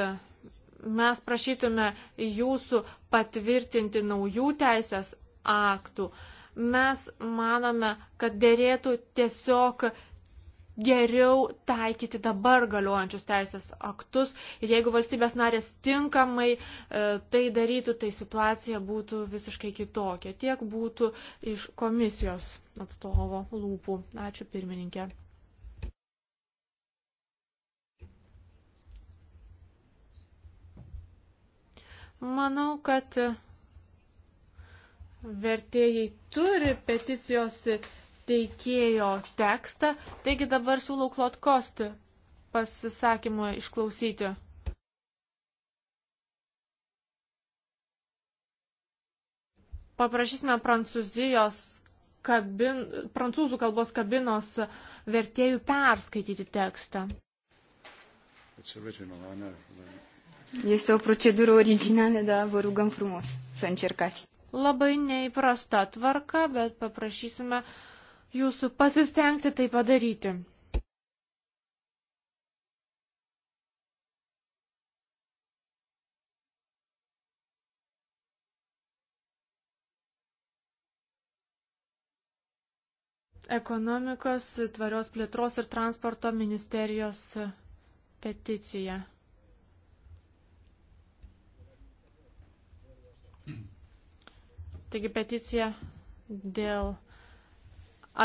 mes prašytume jūsų patvirtinti naujų teisės aktų, e, Mes manome, kad dėrėtų tiesiog geriau taikyti dabar galiojančius teisės aktus ir jeigu valstybės narės tinkamai e, tai darytų, tai situacija būtų visiškai kitokia. Tiek būtų iš komisijos atstovo lūpų. Ačiū pirmininkė. Manau, kad vertėjai turi peticijos teikėjo tekstą, taigi dabar siūlau klotkosti pasisakymą išklausyti. Paprašysime prancūzijos kabin, prancūzų kalbos kabinos vertėjų perskaityti tekstą. Este o procedură originală, dar vă rugăm frumos să încercați labai neįprasta tvarka, bet paprašysime jūsų pasistengti tai padaryti. Ekonomikos, tvarios plėtros ir transporto ministerijos peticija. Taigi peticija dėl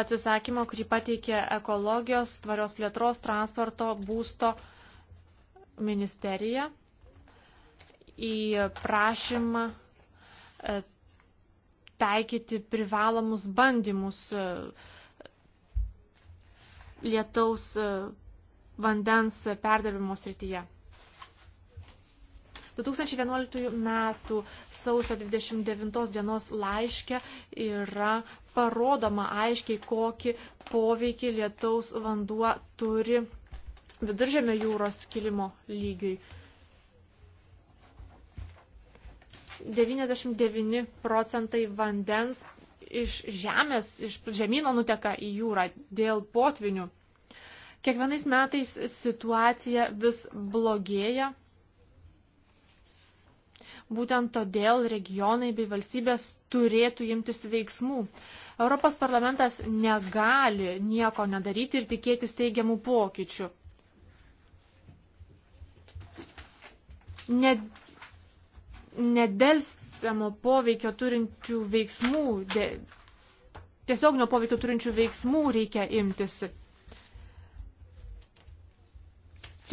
atsisakymo, kurį pateikė ekologijos, tvarios plėtros, transporto, būsto ministerija į prašymą e, taikyti privalomus bandymus e, lietaus e, vandens perdirbimo srityje. 2011 m. sausio 29 dienos laiške yra parodoma aiškiai, kokį poveikį lietaus vanduo turi viduržėmio jūros kilimo lygiui. 99 procentai vandens iš žemės, iš žemyno nuteka į jūrą dėl potvinių. Kiekvienais metais situacija vis blogėja. Būtent todėl regionai bei valstybės turėtų imtis veiksmų. Europos parlamentas negali nieko nedaryti ir tikėtis teigiamų pokyčių. Ne, nedelstamo poveikio turinčių veiksmų, de, tiesiog nuo poveikio turinčių veiksmų reikia imtis.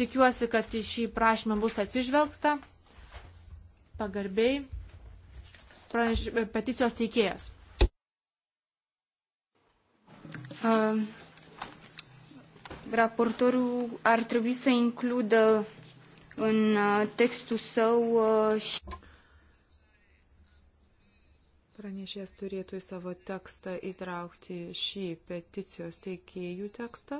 Tikiuosi, kad į šį prašymą bus atsižvelgta pagarbiai pranež... peticijos teikėjas. Uh, raportorul ar trebui să includă în textul său și... Pranešėjas turėtų į savo tekstą įtraukti šį peticijos teikėjų tekstą.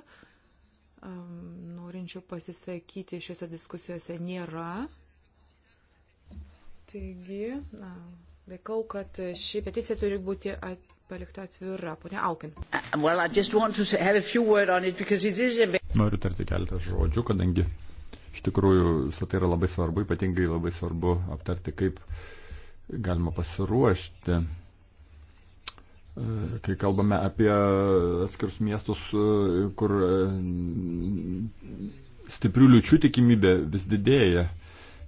Um, norinčių pasisakyti šiuose diskusijose nėra. Taigi, na, laikau, kad ši peticija turi būti at, palikta atvira. Pone Aukin. Uh, well, it Noriu tarti keletą žodžių, kadangi iš tikrųjų visą tai yra labai svarbu, ypatingai labai svarbu aptarti, kaip galima pasiruošti uh, kai kalbame apie atskirus miestus, uh, kur stiprių liučių tikimybė vis didėja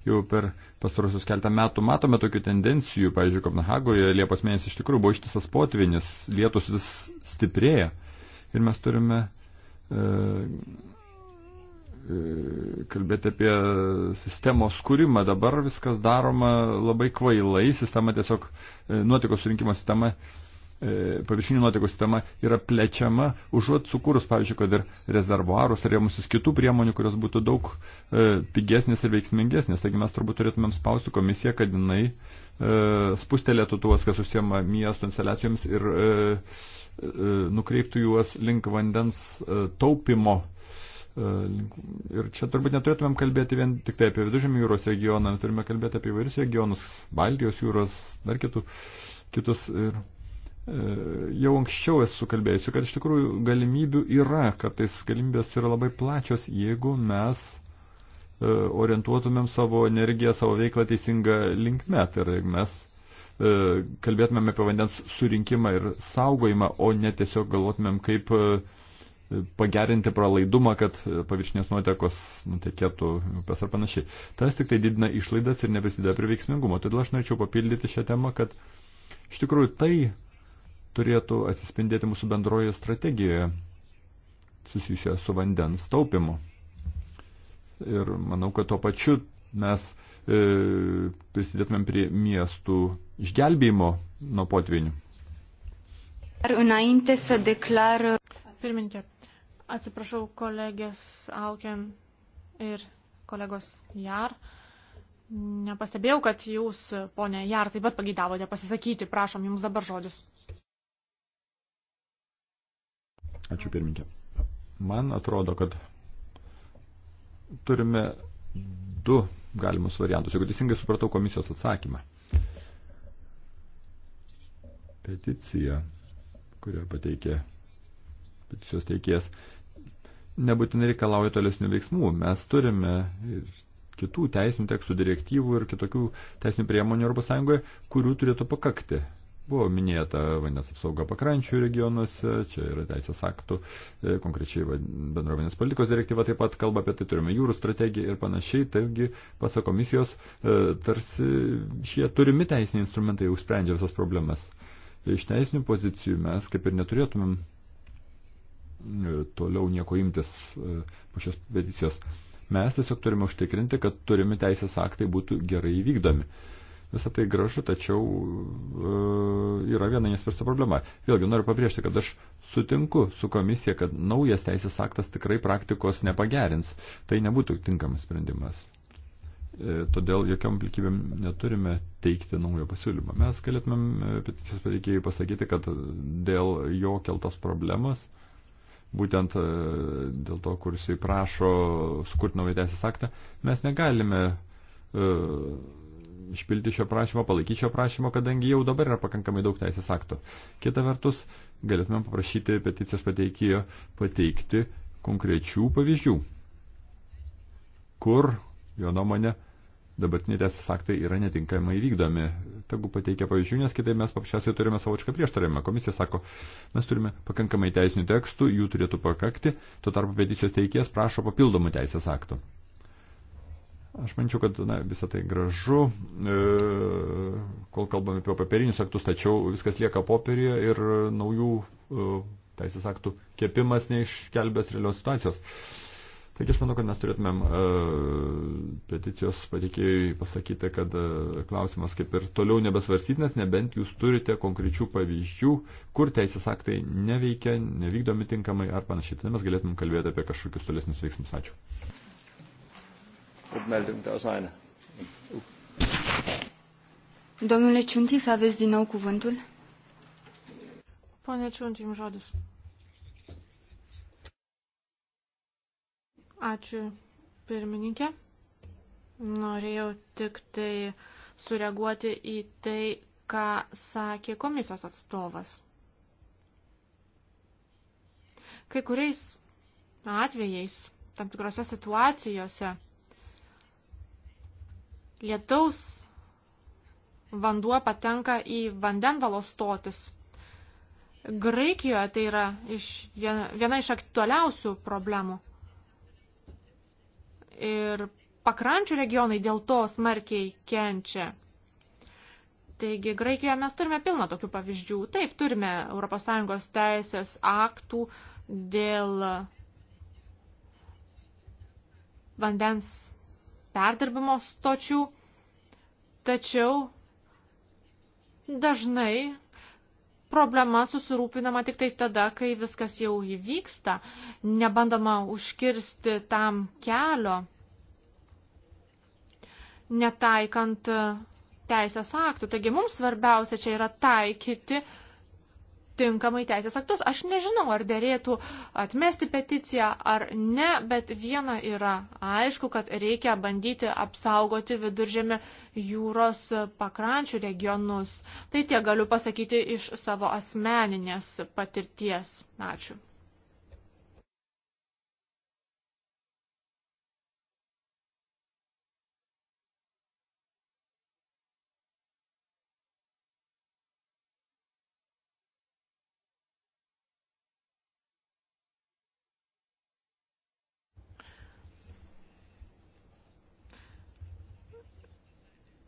jau per pastarosius keltą metų matome tokių tendencijų. Pavyzdžiui, Kopenhagoje Liepos mėnesį iš tikrųjų buvo ištisas potvinis, lietus vis stiprėja. Ir mes turime e, e, kalbėti apie sistemos kūrimą. Dabar viskas daroma labai kvailai. Sistema tiesiog, e, nuotikos surinkimo sistema E, paviršinių nuotekų sistema yra plečiama, užuot sukūrus, pavyzdžiui, kad ir rezervuarus ar jėmusius kitų priemonių, kurios būtų daug e, pigesnės ir veiksmingesnės. Taigi mes turbūt turėtumėm spausti komisiją, kad jinai e, spustelėtų tuos, kas užsiema miesto instaliacijoms ir nukreiptų juos link vandens taupimo Ir čia turbūt neturėtumėm kalbėti vien tik tai apie Vidužėmio jūros regioną, turime kalbėti apie įvairius regionus, Baltijos jūros, dar kitų, kitus. Ir jau anksčiau esu kalbėjusi, kad iš tikrųjų galimybių yra, kartais galimybės yra labai plačios, jeigu mes e, orientuotumėm savo energiją, savo veiklą teisingą linkme. Tai yra, jeigu mes e, kalbėtumėm apie vandens surinkimą ir saugojimą, o ne tiesiog galvotumėm, kaip e, pagerinti pralaidumą, kad paviršinės nuotekos nutekėtų upės ar panašiai. Tas tik tai didina išlaidas ir neprisideda prie veiksmingumo. Todėl aš norėčiau papildyti šią temą, kad iš tikrųjų tai, turėtų atsispindėti mūsų bendroje strategijoje susijusioje su vandens taupimu. Ir manau, kad tuo pačiu mes e, prisidėtumėm prie miestų išgelbėjimo nuo potvinių. Pirmininkė, atsiprašau kolegės Auken ir kolegos Jar. Nepastebėjau, kad jūs, ponė Jar, taip pat pagydavote pasisakyti. Prašom, jums dabar žodis. Ačiū pirminkė. Man atrodo, kad turime du galimus variantus, jeigu teisingai supratau komisijos atsakymą. Peticija, kurią pateikė peticijos teikėjas, nebūtinai reikalauja tolesnių veiksmų. Mes turime ir kitų teisinių tekstų direktyvų ir kitokių teisinių priemonių ES, kurių turėtų pakakti Buvo minėta vandens apsauga pakrančių regionuose, čia yra teisės aktų, e, konkrečiai bendrovinės politikos direktyva taip pat kalba apie tai, turime jūrų strategiją ir panašiai, taigi pasak komisijos e, tarsi šie turimi teisiniai instrumentai jau sprendžia visas problemas. Iš teisinių pozicijų mes kaip ir neturėtumėm e, toliau nieko imtis po šios peticijos. Mes tiesiog turime užtikrinti, kad turimi teisės aktai būtų gerai vykdomi. Visą tai gražu, tačiau e, yra viena nespręsta problema. Vėlgi noriu pabrėžti, kad aš sutinku su komisija, kad naujas teisės aktas tikrai praktikos nepagerins. Tai nebūtų tinkamas sprendimas. E, todėl jokiam aplikybėm neturime teikti naujo pasiūlymą. Mes galėtumėm e, peticijos pateikėjai pasakyti, kad dėl jo keltos problemas, būtent dėl to, kur jisai prašo sukurti naują teisės aktą, mes negalime išpilti šio prašymo, palaikyti šio prašymo, kadangi jau dabar yra pakankamai daug teisės aktų. Kita vertus, galėtumėm paprašyti peticijos pateikėjo pateikti konkrečių pavyzdžių, kur, jo nuomonė, dabartiniai teisės aktai yra netinkamai vykdomi. Tegu pateikia pavyzdžių, nes kitaip mes paprasčiausiai turime savočką prieštaravimą. Komisija sako, mes turime pakankamai teisinių tekstų, jų turėtų pakakti, tuo tarpu peticijos teikėjas prašo papildomų teisės aktų. Aš mančiau, kad na, visą tai gražu, e, kol kalbame apie papirinius aktus, tačiau viskas lieka popieryje ir naujų e, teisės aktų kepimas neiškelbės realios situacijos. Taigi aš manau, kad mes turėtumėm e, peticijos pateikėjai pasakyti, kad e, klausimas kaip ir toliau nebesvarstytinas, nebent jūs turite konkrečių pavyzdžių, kur teisės aktai neveikia, nevykdomi tinkamai ar panašiai. Tai mes galėtumėm kalbėti apie kažkokius tolesnius veiksmus. Ačiū opmelding daar zijn. Domnule Ciuntis, aveți din nou cuvântul? Pone Ciuntis, žodis. Ačiū, pirmininkė. Norėjau tik tai sureaguoti į tai, ką sakė komisijos atstovas. Kai kuriais atvejais, tam tikrose situacijose, lietaus vanduo patenka į vandenvalos stotis. Graikijoje tai yra iš viena, viena iš aktualiausių problemų. Ir pakrančių regionai dėl to smarkiai kenčia. Taigi Graikijoje mes turime pilną tokių pavyzdžių. Taip, turime ES teisės aktų dėl vandens perdirbimo stočių, tačiau dažnai problema susirūpinama tik tai tada, kai viskas jau įvyksta, nebandoma užkirsti tam kelio, netaikant teisės aktų. Taigi mums svarbiausia čia yra taikyti uh, tinkamai teisės aktus. Aš nežinau, ar dėrėtų atmesti peticiją ar ne, bet viena yra aišku, kad reikia bandyti apsaugoti viduržėmi jūros pakrančių regionus. Tai tiek galiu pasakyti iš savo asmeninės patirties. Ačiū.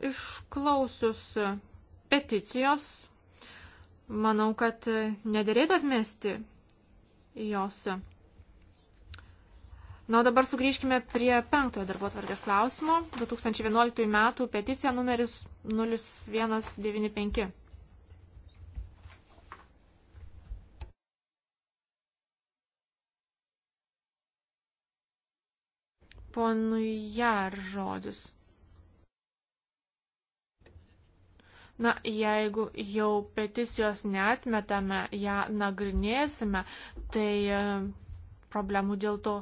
Išklausius peticijos, manau, kad nedėrėtų atmesti jos. Na, dabar sugrįžkime prie penktojo darbo tvarkės klausimo. 2011 metų peticija numeris 0195. ponui Jar žodis. Na, jeigu jau peticijos netmetame, ją nagrinėsime, tai e, problemų dėl to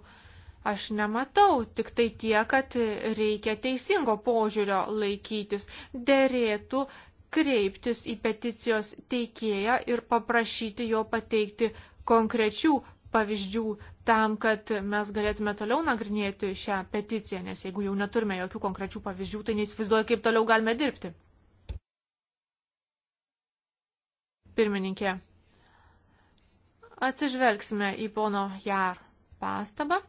aš nematau, tik tai tie, kad reikia teisingo požiūrio laikytis. Dėrėtų kreiptis į peticijos teikėją ir paprašyti jo pateikti konkrečių pavyzdžių tam, kad mes galėtume toliau nagrinėti šią peticiją, nes jeigu jau neturime jokių konkrečių pavyzdžių, tai neįsivaizduoju, kaip toliau galime dirbti. pirmininkė. Atsižvelgsime į pono Jar pastabą.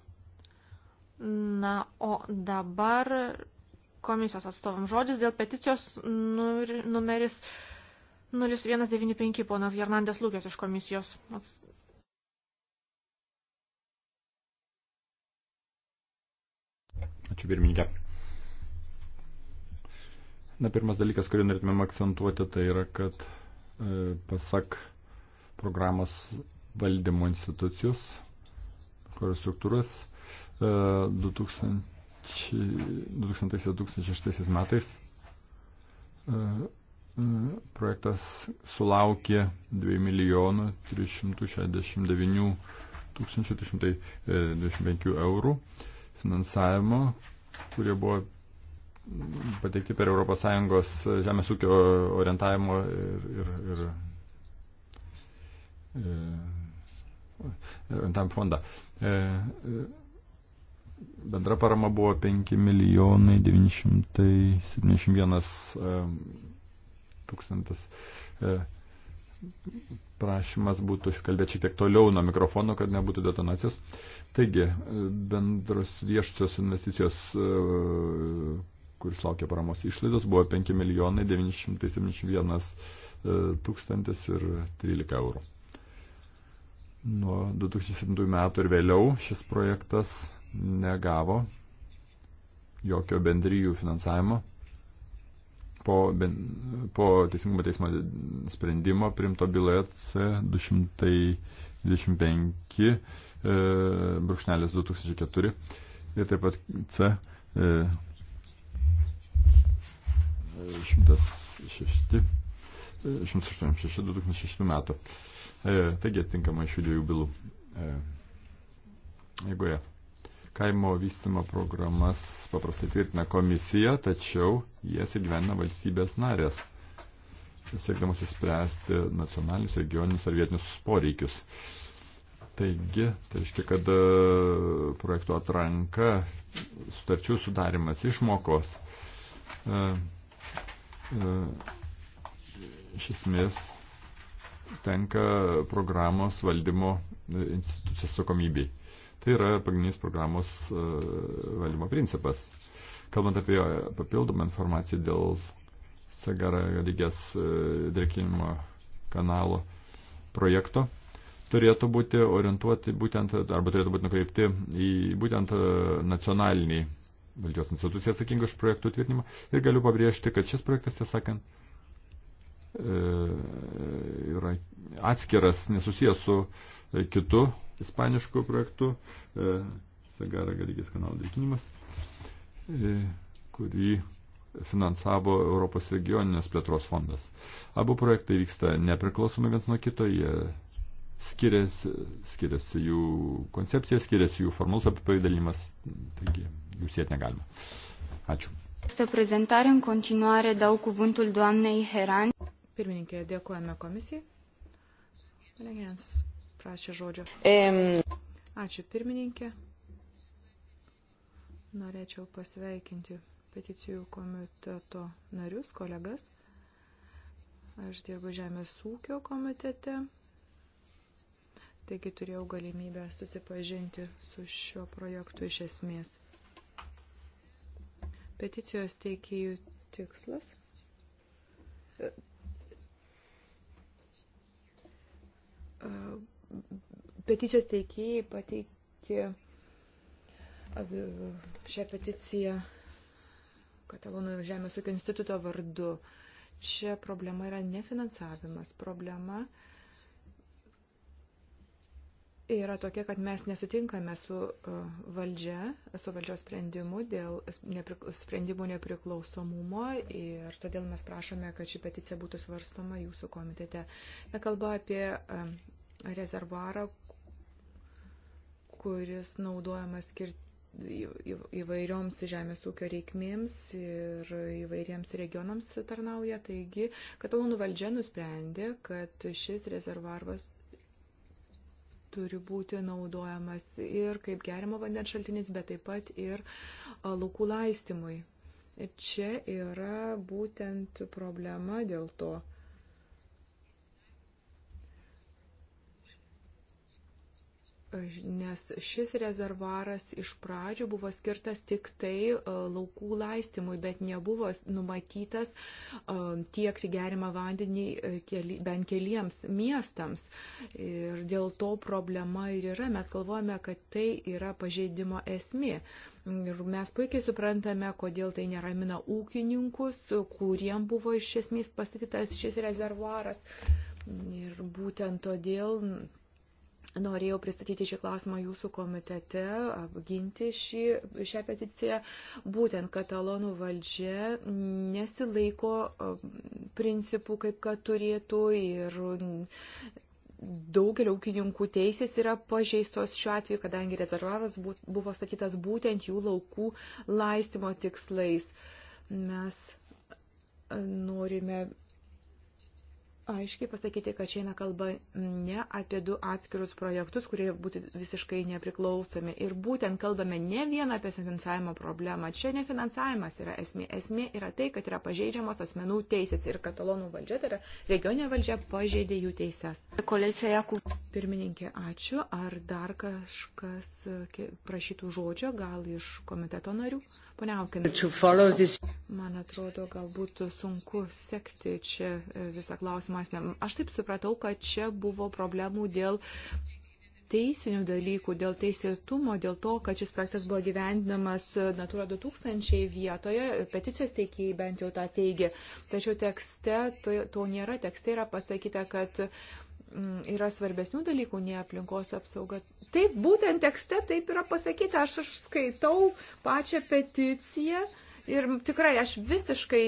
Na, o dabar komisijos atstovam žodis dėl peticijos numeris 0195, ponas Gernandės Lūkės iš komisijos. Ačiū pirmininkė. Na, pirmas dalykas, kurį norėtumėm akcentuoti, tai yra, kad E, pasak programos valdymo institucijos, kurios struktūros 2000-2006 e, metais e, projektas sulaukė 2 milijonų 369 tūkstančių 325 eurų finansavimo, kurie buvo pateikti per ES žemės ūkio orientavimo ir, ir, ir, ir orientavimo fondą. E, e, bendra parama buvo 5 milijonai 971 e, tūkstantis. Prašymas būtų kalbėti šiek tiek toliau nuo mikrofono, kad nebūtų detonacijos. Taigi, bendros viešosios investicijos kuris laukia paramos išlaidos, buvo 5 milijonai 971 e, tūkstantis ir 13 eurų. Nuo 2007 metų ir vėliau šis projektas negavo jokio bendryjų finansavimo. Po, ben, po Teisingumo teismo sprendimo primto byloje C225 e, brūkšnelis 2004 ir taip pat C e, 106, 186 2006 metų. E, taigi atinkama šių dviejų bylų. Jeigu e, kaimo vystimo programas paprastai tvirtina komisija, tačiau jas įgyvena valstybės narės, siekdamas įspręsti nacionalinius, regioninius ar vietinius poreikius. Taigi, tai reiškia, kad e, projektų atranka, sutarčių sudarimas, išmokos iš esmės tenka programos valdymo e, institucijos atsakomybei. Tai yra pagrindinis programos e, valdymo principas. Kalbant apie papildomą informaciją dėl Sagara lygės e, drėkinimo kanalo projekto, turėtų būti orientuoti būtent, arba turėtų būti nukreipti į būtent nacionalinį valdžios institucija atsakinga už projektų tvirtinimą. Ir galiu pabrėžti, kad šis projektas, tiesą sakant, e, yra atskiras, nesusijęs su e, kitu ispanišku projektu, e, Sagara Galigės kanalo dėkinimas, kurį finansavo Europos regioninės plėtros fondas. Abu projektai vyksta nepriklausomai viens nuo kito, jie skiriasi, skiriasi jų koncepcija, skiriasi jų formalus apipavydalimas, taigi jų sėti negalima. Ačiū. Pirmininkė, dėkojame komisijai. Paneginas prašė žodžio. Ačiū pirmininkė. Norėčiau pasveikinti peticijų komiteto narius, kolegas. Aš dirbu Žemės ūkio komitete taigi turėjau galimybę susipažinti su šiuo projektu iš esmės. Peticijos teikėjų tikslas peticijos teikėjai pateikė šią peticiją Katalonų žemės ūkio instituto vardu. Čia problema yra nefinansavimas, problema yra yra tokia, kad mes nesutinkame su e, valdžia, su valdžios sprendimu dėl sprendimų nepriklausomumo ir todėl mes prašome, kad ši peticija būtų svarstoma jūsų komitete. Na, kalba apie e, rezervuarą, kuris naudojamas skirti įvairioms žemės ūkio reikmėms ir įvairiems regionams tarnauja. Taigi, katalonų valdžia nusprendė, kad šis rezervaras turi būti naudojamas ir kaip gerimo vandens šaltinis, bet taip pat ir laukų laistimui. Čia yra būtent problema dėl to. nes šis rezervaras iš pradžių buvo skirtas tik tai e, laukų laistimui, bet nebuvo numatytas e, tiekti gerimą vandenį e, keli, bent keliems miestams. Ir dėl to problema ir yra. Mes galvojame, kad tai yra pažeidimo esmė. Ir mes puikiai suprantame, kodėl tai neramina ūkininkus, kuriem buvo iš esmės pastatytas šis rezervuaras. Ir būtent todėl norėjau pristatyti šį klausimą jūsų komitete, apginti šį, šią peticiją. Būtent katalonų valdžia nesilaiko principų, kaip kad turėtų ir daugelio ūkininkų teisės yra pažeistos šiuo atveju, kadangi rezervaras buvo statytas būtent jų laukų laistimo tikslais. Mes norime aiškiai pasakyti, kad čia eina kalba ne apie du atskirus projektus, kurie būtų visiškai nepriklausomi. Ir būtent kalbame ne vieną apie finansavimo problemą. Čia ne finansavimas yra esmė. Esmė yra tai, kad yra pažeidžiamos asmenų teisės ir katalonų valdžia, tai yra regioninė valdžia pažeidė jų teises. Pirmininkė, ačiū. Ar dar kažkas prašytų žodžio, gal iš komiteto narių? Pone Aukin, man atrodo, galbūt sunku sekti čia e, visą klausimą. Aš taip supratau, kad čia buvo problemų dėl teisinių dalykų, dėl teisėtumo, dėl to, kad šis projektas buvo gyvendinamas e, Natura 2000 vietoje, peticijos teikėjai bent jau tą teigia. Tačiau tekste to, to nėra, tekste yra pasakyta, kad Mm, yra svarbesnių dalykų nei aplinkos apsauga. Taip, būtent tekste taip yra pasakyta, aš, aš skaitau pačią peticiją. Uh, Ir tikrai aš visiškai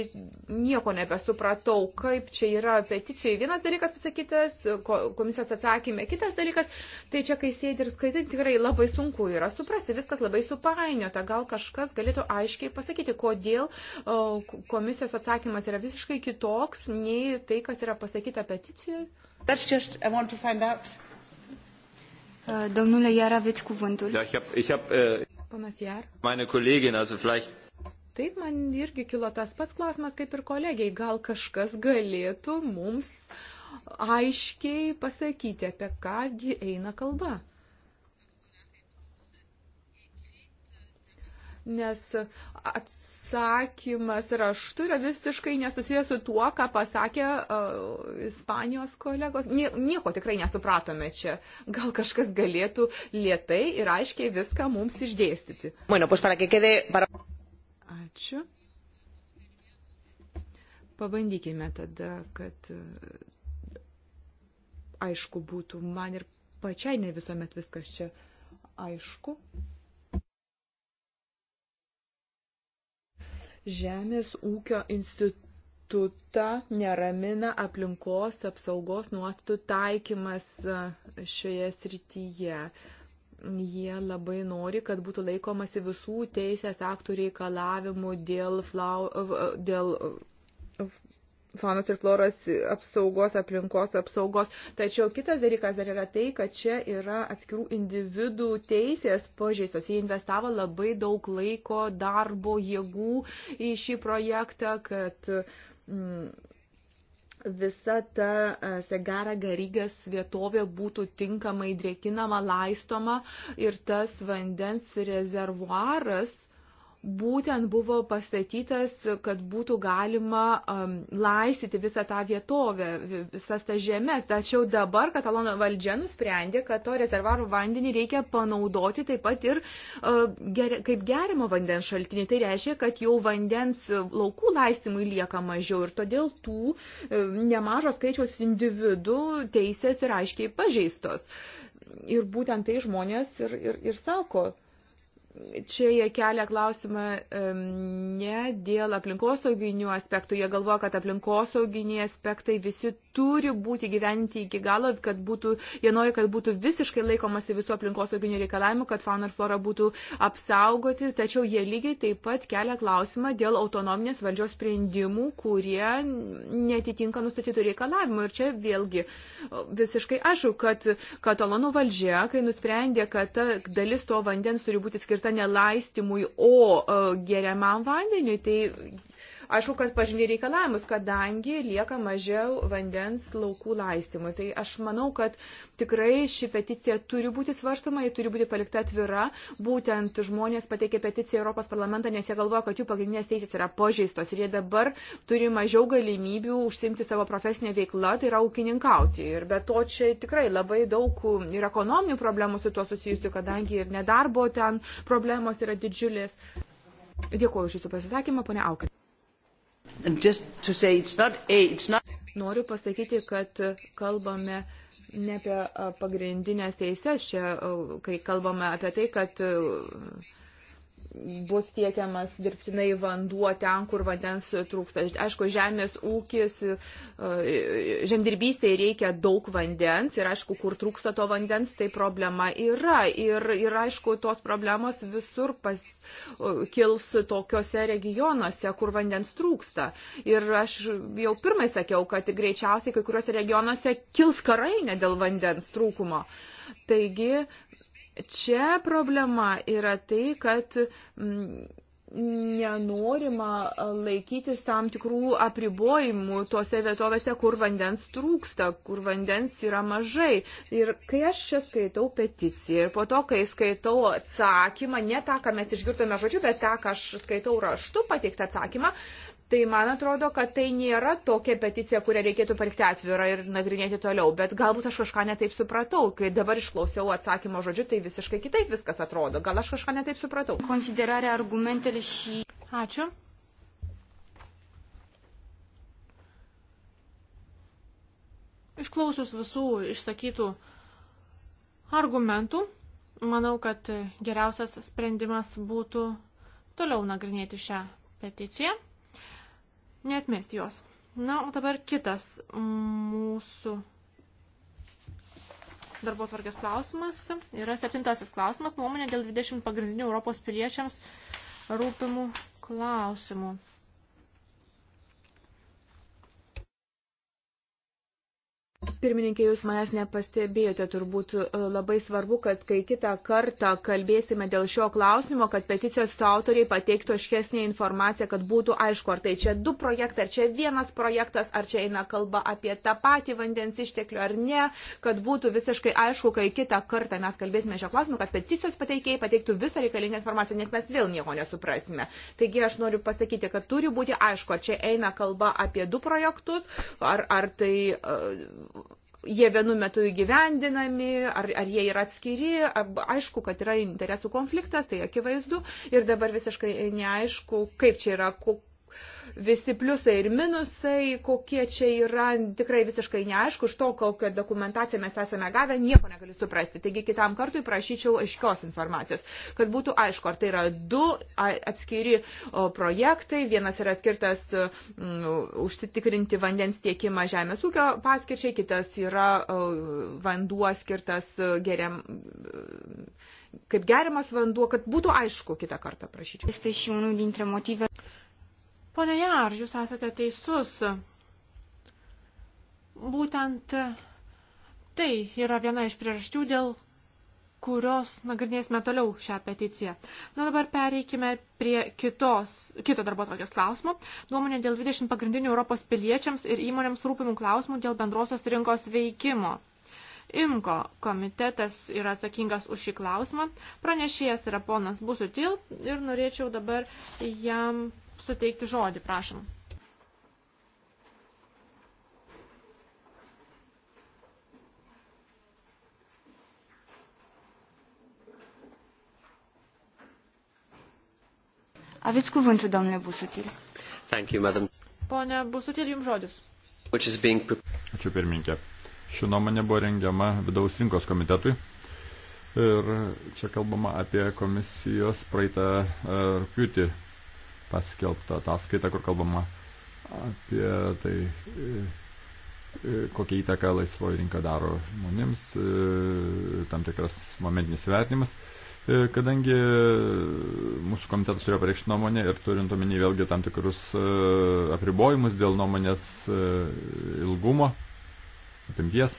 nieko nebesupratau, kaip čia yra peticijoje vienas dalykas pasakytas, komisijos atsakymė kitas dalykas. Tai čia, kai sėdi ir skaitai, tikrai labai sunku yra suprasti, viskas labai supainiota. Gal kažkas galėtų aiškiai pasakyti, kodėl komisijos atsakymas yra visiškai kitoks nei tai, kas yra pasakyta peticijoje. Uh, domnule Iar, aveți cuvântul. Da, ich hab, ich hab, äh, Panas Iar. Meine Kollegin, also vielleicht Taip, man irgi kilo tas pats klausimas kaip ir kolegiai. Gal kažkas galėtų mums aiškiai pasakyti, apie kągi eina kalba. Nes atsakymas raštu yra visiškai nesusijęs su tuo, ką pasakė uh, Ispanijos kolegos. Nie, nieko tikrai nesupratome čia. Gal kažkas galėtų lietai ir aiškiai viską mums išdėstyti. Bueno, pues para que quede, para... Ačiū. Pabandykime tada, kad aišku būtų man ir pačiai ne visuomet viskas čia aišku. Žemės ūkio institutą neramina aplinkos apsaugos nuostatų taikymas e, šioje srityje. Uh, jie labai nori, kad būtų laikomasi visų teisės aktų reikalavimų dėl, flau, dėl faunos ir floros apsaugos, aplinkos apsaugos. Tačiau kitas dalykas dar yra tai, kad čia yra atskirų individų teisės pažeistos. Jie investavo labai daug laiko, darbo, jėgų į šį projektą, kad mm, visa ta Segara Garygas vietovė būtų tinkamai drėkinama, laistoma ir tas vandens rezervuaras būtent buvo pastatytas, kad būtų galima um, laistyti visą tą vietovę, visas tas žemės. Tačiau dabar Katalono valdžia nusprendė, kad to rezervaro vandenį reikia panaudoti taip pat ir uh, ger kaip gerimo vandens šaltinį. Tai reiškia, kad jau vandens laukų laistimui lieka mažiau ir todėl tų uh, um, nemažos skaičiaus individų teisės yra aiškiai pažeistos. Ir būtent tai žmonės ir, ir, ir sako čia jie kelia klausimą ne dėl aplinkosauginių aspektų, jie galvoja, kad aplinkosauginiai aspektai visi turi būti gyventi iki galo, kad būtų, jie nori, kad būtų visiškai laikomasi visų aplinkosauginių reikalavimų, kad fauna ir flora būtų apsaugoti, tačiau jie lygiai taip pat kelia klausimą dėl autonominės valdžios sprendimų, kurie netitinka nustatytų reikalavimų. Ir čia vėlgi visiškai aišku, kad katalonų valdžia, kai nusprendė, kad ta dalis to vandens turi būti skirta skirta ne laistymui, o e, geriamam vandeniui, tai aišku, kad pažinė reikalavimus, kadangi lieka mažiau vandens laukų laistymui. Tai aš manau, kad tikrai ši peticija turi būti svarstama, ji turi būti palikta atvira. Būtent žmonės pateikė peticiją Europos parlamentą, nes jie galvoja, kad jų pagrindinės teisės yra pažeistos ir jie dabar turi mažiau galimybių užsimti savo profesinę veiklą, tai yra ūkininkauti. Ir be to čia tikrai labai daug ir ekonominių problemų su tuo susijusių, kadangi ir nedarbo ten problemos yra didžiulės. Dėkuoju už jūsų pasisakymą, ponia Aukė. Noriu pasakyti, kad kalbame ne apie pagrindinės teises, čia, kai kalbame apie tai, kad bus tiekiamas dirbtinai vanduo ten, kur vandens trūksta. Aišku, žemės ūkis, e, žemdirbystėje reikia daug vandens ir aišku, kur trūksta to vandens, tai problema yra. Ir, ir aišku, tos problemos visur pas, e, kils tokiuose regionuose, kur vandens trūksta. Ir aš jau pirmai sakiau, kad greičiausiai kai kuriuose regionuose kils karai ne dėl vandens trūkumo. Taigi, Čia problema yra tai, kad mm, nenorima laikytis tam tikrų apribojimų tose vietovėse, kur vandens trūksta, kur vandens yra mažai. Ir kai aš čia skaitau peticiją ir po to, kai skaitau atsakymą, ne tą, ką mes išgirdome žodžiu, bet tą, ką aš skaitau raštu pateiktą atsakymą, Tai man atrodo, kad tai nėra tokia peticija, kurią reikėtų palikti atvirą ir nagrinėti toliau, bet galbūt aš kažką netaip supratau, kai dabar išklausiau atsakymo žodžiu, tai visiškai kitaip viskas atrodo. Gal aš kažką netaip supratau. Konsiderare argumentelį šį. Ačiū. Išklausius visų išsakytų argumentų, manau, kad geriausias sprendimas būtų toliau nagrinėti šią peticiją neatmesti jos. Na, o dabar kitas mūsų darbo tvarkės klausimas yra septintasis klausimas, nuomonė dėl 20 pagrindinių Europos piliečiams rūpimų klausimų. Pirmininkė, jūs manęs nepastebėjote, turbūt e, labai svarbu, kad kai kitą kartą kalbėsime dėl šio klausimo, kad peticijos autoriai pateiktų aiškesnį informaciją, kad būtų aišku, ar tai čia du projektai, ar čia vienas projektas, ar čia eina kalba apie tą patį vandens išteklių ar ne, kad būtų visiškai aišku, kai kitą kartą mes kalbėsime šio klausimo, kad peticijos pateikėjai pateiktų visą reikalingą informaciją, nes mes vėl nieko nesuprasime. Taigi aš noriu pasakyti, kad turi būti aišku, ar čia eina kalba apie du projektus, ar, ar tai. Uh, jie vienu metu įgyvendinami, ar, ar jie yra atskiri, ar, aišku, kad yra interesų konfliktas, tai akivaizdu, ir dabar visiškai neaišku, kaip čia yra, visi pliusai ir minusai, kokie čia yra, tikrai visiškai neaišku, iš to, kokią dokumentaciją mes esame gavę, nieko negaliu suprasti. Taigi kitam kartui prašyčiau aiškios informacijos, kad būtų aišku, ar tai yra du atskiri projektai, vienas yra skirtas m, užsitikrinti vandens tiekimą žemės ūkio paskirčiai, kitas yra vanduo skirtas geriam kaip geriamas vanduo, kad būtų aišku kitą kartą, prašyčiau. Pone Jar, jūs esate teisus. Būtent tai yra viena iš priežasčių, dėl kurios nagrinėsime toliau šią peticiją. Na dabar pereikime prie kitos, kito darbo atvarkės klausimo. Nuomonė dėl 20 pagrindinių Europos piliečiams ir įmonėms rūpimų klausimų dėl bendrosios rinkos veikimo. IMKO komitetas yra atsakingas už šį klausimą. Pranešėjas yra ponas Busutil ir norėčiau dabar jam suteikti žodį, prašom. Aveți cuvântul, domnule Busutil. Thank you, madam. Pone Busutil, jums žodis. Being... Ačiū pirmininkė. Ši nuomonė buvo rengiama vidaus rinkos komitetui. Ir čia kalbama apie komisijos praeitą e, rūpiutį paskelbtą ataskaitą, kur kalbama apie tai, e, e, kokią įtaką laisvoji rinka daro žmonėms, e, tam tikras momentinis vertinimas. Kadangi mūsų komitetas turėjo pareikšti nuomonę ir turint omeny vėlgi tam tikrus apribojimus dėl nuomonės ilgumo, apimties,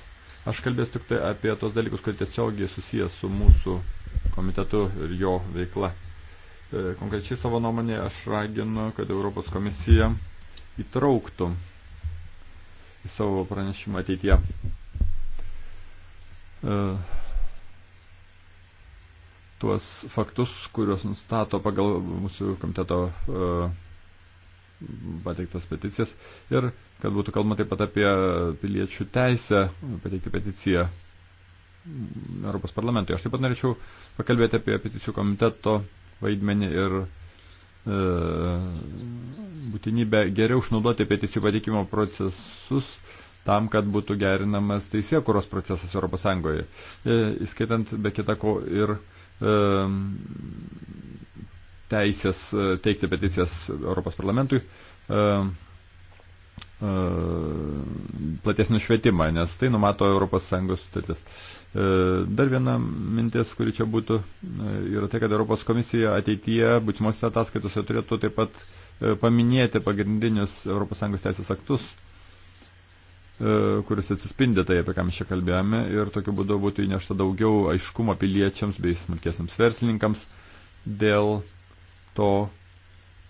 aš kalbėsiu tik tai apie tos dalykus, kurie tiesiogiai susijęs su mūsų komitetu ir jo veikla. E, konkrečiai savo nuomonė aš raginu, kad Europos komisija įtrauktų į savo pranešimą ateityje. E, tuos faktus, kuriuos nustato pagal mūsų komiteto e, pateiktas peticijas ir kad būtų kalbama taip pat apie piliečių teisę pateikti peticiją Europos parlamentui. Aš taip pat norėčiau pakalbėti apie peticijų komiteto vaidmenį ir e, būtinybę geriau išnaudoti peticijų patikimo procesus tam, kad būtų gerinamas teisėkuros procesas ES, e, įskaitant be kitako ir e, teisės e, teikti peticijas Europos parlamentui. E, E, platesnį švietimą, nes tai numato ES sutartis. E, dar viena mintis, kuri čia būtų, e, yra tai, kad Europos komisija ateityje būtimosios ataskaitose turėtų taip pat paminėti pagrindinius ES teisės aktus, kuris atsispindė tai, apie ką mes čia kalbėjome, ir tokiu būdu būtų įnešta daugiau aiškumo piliečiams bei smulkėsiams verslininkams dėl to,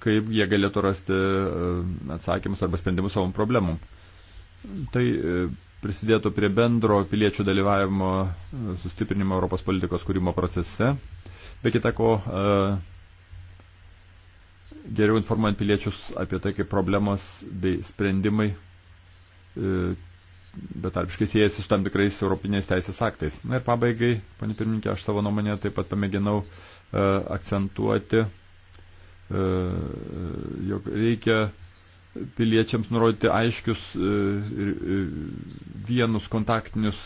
kaip jie galėtų rasti e, atsakymus arba sprendimus savo problemom. Tai e, prisidėtų prie bendro piliečių dalyvavimo e, sustiprinimo Europos politikos kūrimo procese. Be kita ko, geriau informuojant piliečius apie tai, kaip problemos bei sprendimai betarpiškai siejasi su tam tikrais europinės teisės aktais. Na ir pabaigai, panė pirmininkė, aš savo nuomonę taip pat pamėginau akcentuoti E, jog reikia piliečiams nurodyti aiškius e, e, vienus kontaktinius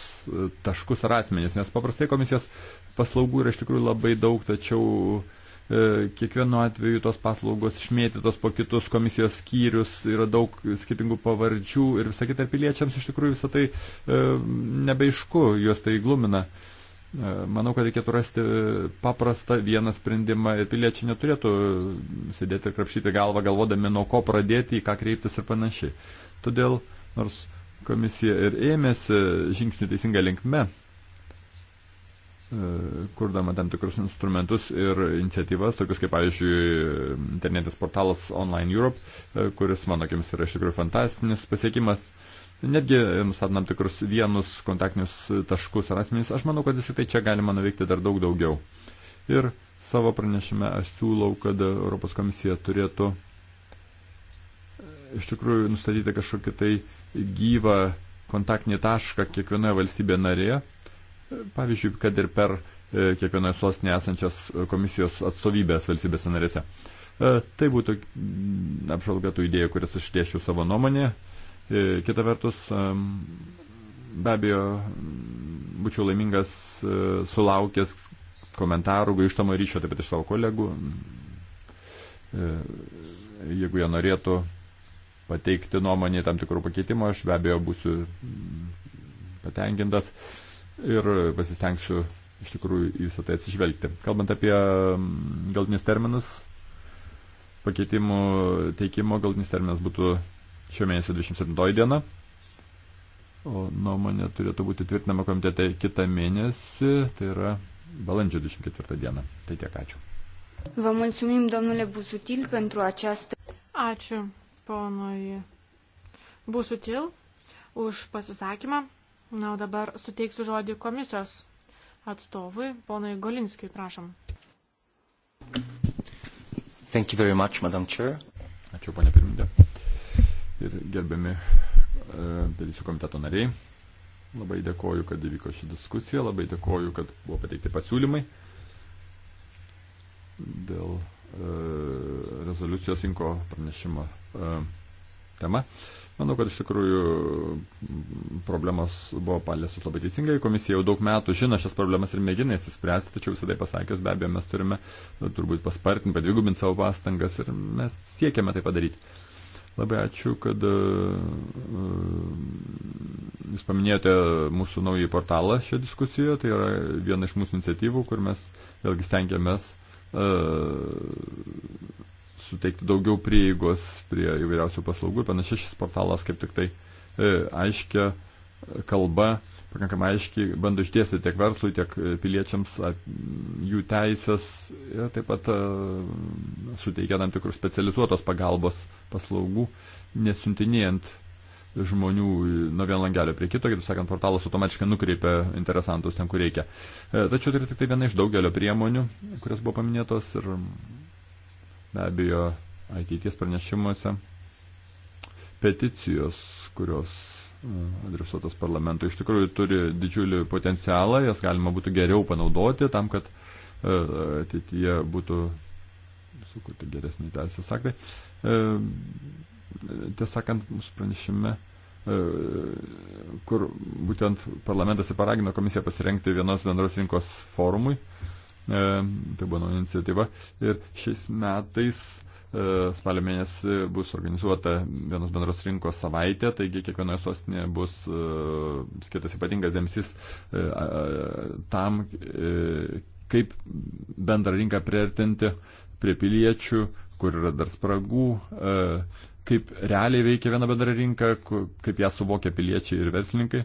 taškus ar asmenys, nes paprastai komisijos paslaugų yra iš tikrųjų labai daug, tačiau kiekvienu atveju tos paslaugos išmėtytos po kitus komisijos skyrius, yra daug skirtingų pavardžių ir visą kitą piliečiams iš tikrųjų visą tai nebeišku, juos tai glumina. E, E, manau, kad reikėtų rasti paprastą vieną sprendimą ir piliečiai neturėtų sėdėti ir krapšyti galvą, galvodami, nuo ko pradėti, į ką kreiptis ir panašiai. Todėl, nors komisija ir ėmėsi žingsnių teisinga linkme, e, kurdama tam tikrus instrumentus ir iniciatyvas, tokius kaip, pavyzdžiui, internetinis portalas Online Europe, e, kuris, mano akimis, yra iš tikrųjų fantastinis pasiekimas netgi e, nustatant tam tikrus vienus kontaktinius e, taškus ar asmenys, aš manau, kad visai tai čia galima nuveikti dar daug daugiau. Ir savo pranešime aš siūlau, kad Europos komisija turėtų e, iš tikrųjų nustatyti kažkokį tai gyvą kontaktinį tašką kiekvienoje valstybėje narėje. Pavyzdžiui, kad ir per kiekvienoje sostinėje esančias komisijos atstovybės valstybėse narėse. Tai būtų apžvalga tų idėjų, kurias aš tiešiu savo nuomonėje. E, kita vertus, e, be abejo, būčiau laimingas e, sulaukęs komentarų, grįžtamo ryšio taip pat iš savo kolegų, jeigu jie norėtų pateikti nuomonį tam tikrų pakeitimų, aš be abejo būsiu patenkintas ir pasistengsiu iš tikrųjų į visą tai atsižvelgti. Kalbant apie galtinius terminus, pakeitimų teikimo galtinis terminas būtų šio mėnesio 27 diena, o nuomonė turėtų būti tvirtinama komitete kitą mėnesį, tai yra balandžio 24 diena. Tai tiek ačiū. Vă mulțumim, domnule Busutil, pentru această... Ačiū, ponui Busutil, už pasisakymą. Na, o dabar suteiksiu žodį komisijos atstovui, ponui Golinskijui, prašom. Thank you very much, Madam Chair. Ačiū, ponė pirmininkė ir gerbiami e, dalysių komiteto nariai. Labai dėkoju, kad įvyko ši diskusija, labai dėkoju, kad buvo pateikti pasiūlymai dėl e, rezoliucijos inko pranešimo e, tema. Manau, kad iš tikrųjų problemos buvo paliestos labai teisingai. Komisija jau daug metų žino šias problemas ir mėgina jas įspręsti, tačiau visada pasakius, be abejo, mes turime turbūt paspartinti, padvigubinti savo pastangas ir mes siekiame tai padaryti. Labai ačiū, kad e, e, jūs paminėjote mūsų naują portalą šią diskusiją. Tai yra viena iš mūsų iniciatyvų, kur mes vėlgi stengiamės e, suteikti daugiau prieigos prie įvairiausių paslaugų ir panašiai šis portalas kaip tik tai aiškia kalba pakankamai aiškiai bando išdėsti tiek verslui, tiek e, piliečiams jų teisės ir taip pat e, suteikia tam tikrus specializuotos pagalbos paslaugų, nesuntinėjant žmonių e, nuo vieno langelio prie kito, kitaip sakant, portalas automatiškai nukreipia interesantus ten, kur reikia. Tačiau tai yra tik tai viena iš daugelio priemonių, kurios buvo paminėtos ir be abejo ateities pranešimuose peticijos, kurios adresuotos parlamentui, iš tikrųjų turi didžiulį potencialą, jas galima būtų geriau panaudoti tam, kad e, ateityje būtų sukurti geresnį teisės aktai. E, Tiesąkant, mūsų pranešime, e, kur būtent parlamentas ir paragino komisiją pasirengti vienos bendros rinkos forumui. Tai buvo nauja iniciatyva. Ir šiais metais E, spalio mėnesį bus organizuota vienos bendros rinkos savaitė, taigi kiekvienoje sostinėje bus e, skirtas ypatingas dėmesys e, tam, kaip bendrą rinką priartinti prie piliečių, kur yra dar spragų, kaip realiai veikia viena bendra rinka, kaip ją suvokia piliečiai ir verslininkai.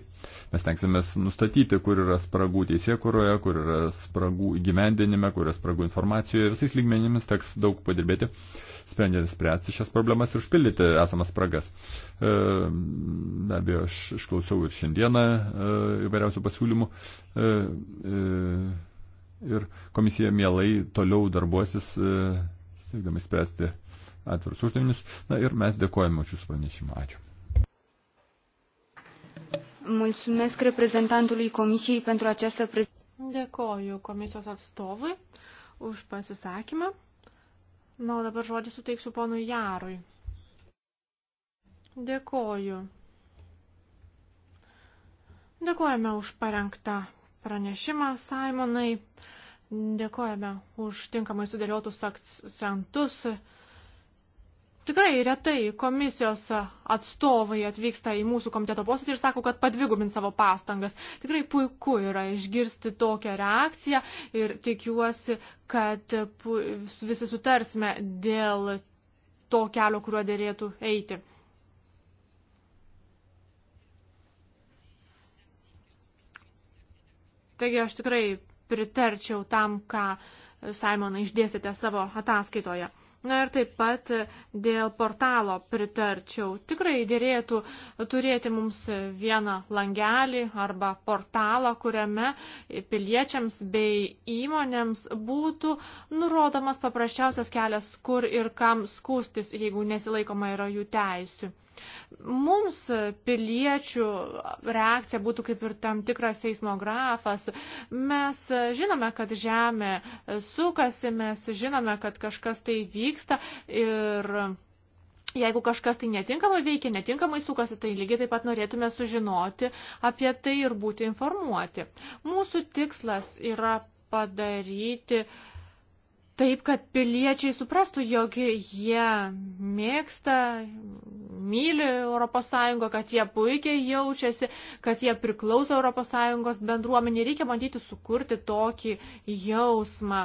Mes tenksimės nustatyti, kur yra spragų teisėkuroje, kur yra spragų įgyvendinime, kur yra spragų informacijoje. Visais lygmenimis teks daug padirbėti. Uh, sprendžiant spręsti šias problemas ir užpildyti esamas spragas. E, be abejo, aš išklausiau ir šiandieną e, įvairiausių pasiūlymų. E, ir komisija mielai toliau darbuosis, siekdami spręsti atvirus uždavinius. Na ir mes dėkojame už jūsų pranešimą. Ačiū. Mulțumesc reprezentantului Comisiei pentru această prezentare. Dėkoju komisijos atstovui už pasisakymą. Na, o dabar žodį suteiksiu ponui Jarui. Dėkoju. Dėkojame už parengtą pranešimą, Simonai. Dėkojame už tinkamai sudėliotus akcentus. Aks Tikrai retai komisijos atstovai atvyksta į mūsų komiteto posėdį ir sako, kad padvigubin savo pastangas. Tikrai puiku yra išgirsti tokią reakciją ir tikiuosi, kad visi sutarsime dėl to kelio, kuriuo dėrėtų eiti. Taigi aš tikrai pritarčiau tam, ką Simonai išdėsite savo ataskaitoje. Na ir taip pat dėl portalo pritarčiau. Tikrai dėrėtų turėti mums vieną langelį arba portalą, kuriame piliečiams bei įmonėms būtų nurodomas paprasčiausias kelias, kur ir kam skūstis, jeigu nesilaikoma yra jų teisių. Mums piliečių reakcija būtų kaip ir tam tikras seismografas. Mes žinome, kad Žemė sukasi, mes žinome, kad kažkas tai vyksta ir jeigu kažkas tai netinkamai veikia, netinkamai sukasi, tai lygiai taip pat norėtume sužinoti apie tai ir būti informuoti. Mūsų tikslas yra padaryti uh, taip, kad piliečiai suprastų, jog jie mėgsta, myli ES, kad jie puikiai jaučiasi, kad jie priklauso ES bendruomenė. Reikia bandyti sukurti tokį jausmą.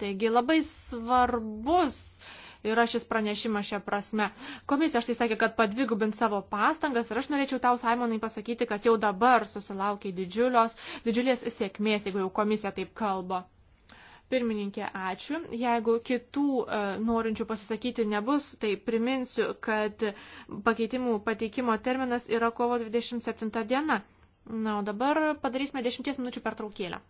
Taigi labai svarbus yra šis pranešimas šią prasme. Komisija štai sakė, kad padvigubint savo pastangas ir aš norėčiau tau, Simonai, pasakyti, kad jau dabar susilaukiai didžiulios, didžiulės sėkmės, jeigu jau komisija taip kalba. Pirmininkė, ačiū. Jeigu kitų e, norinčių pasisakyti nebus, tai priminsiu, kad pakeitimų pateikimo terminas yra kovo 27 diena. Na, o dabar padarysime 10 minučių pertraukėlę.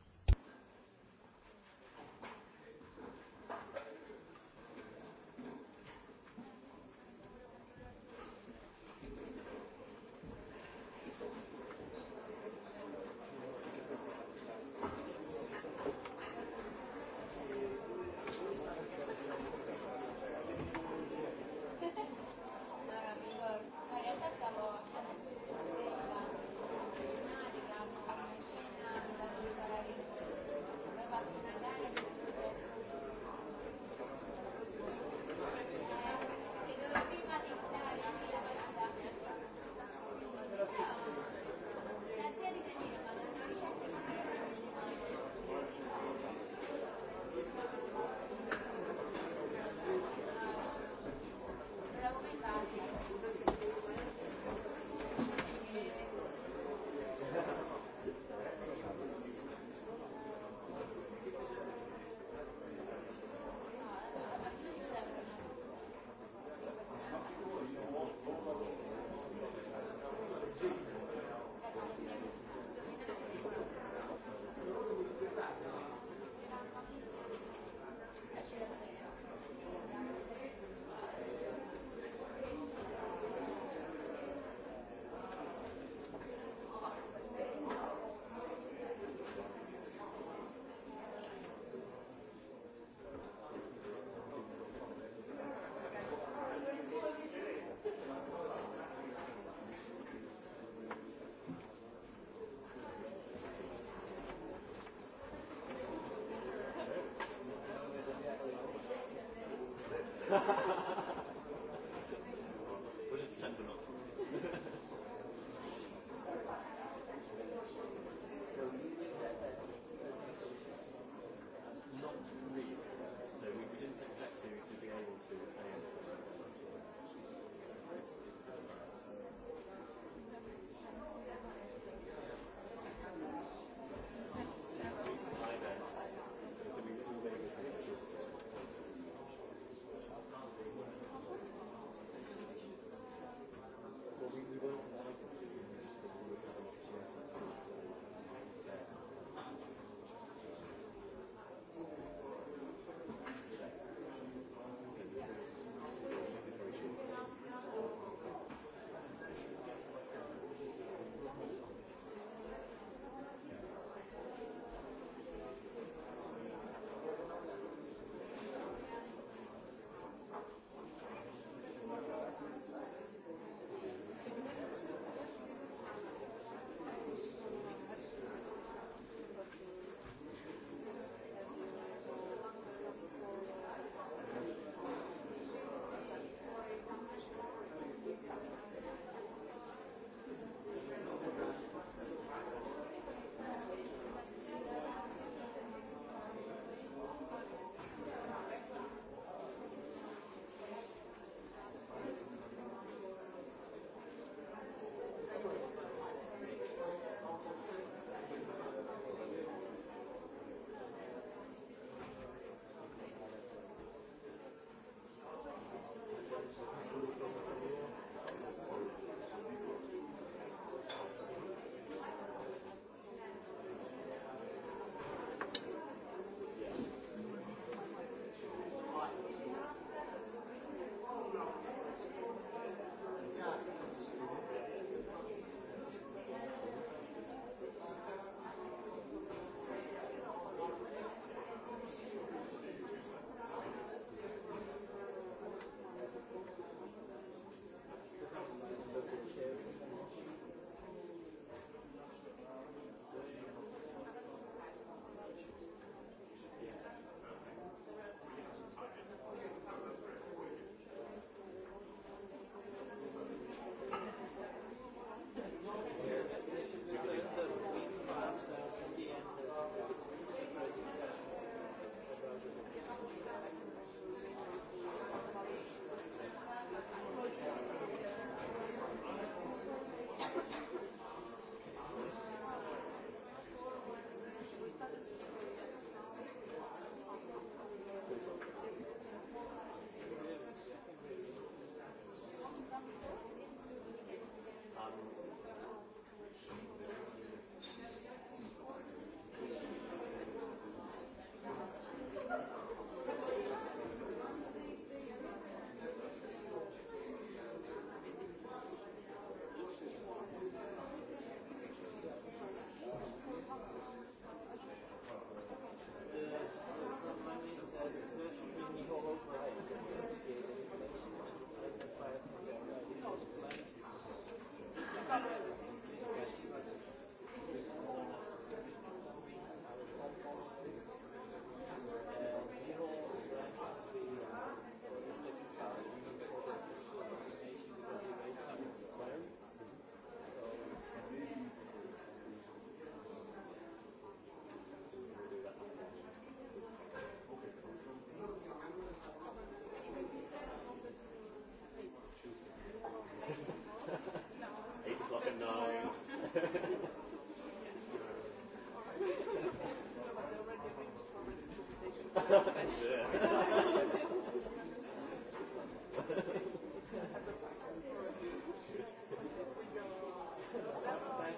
That's the time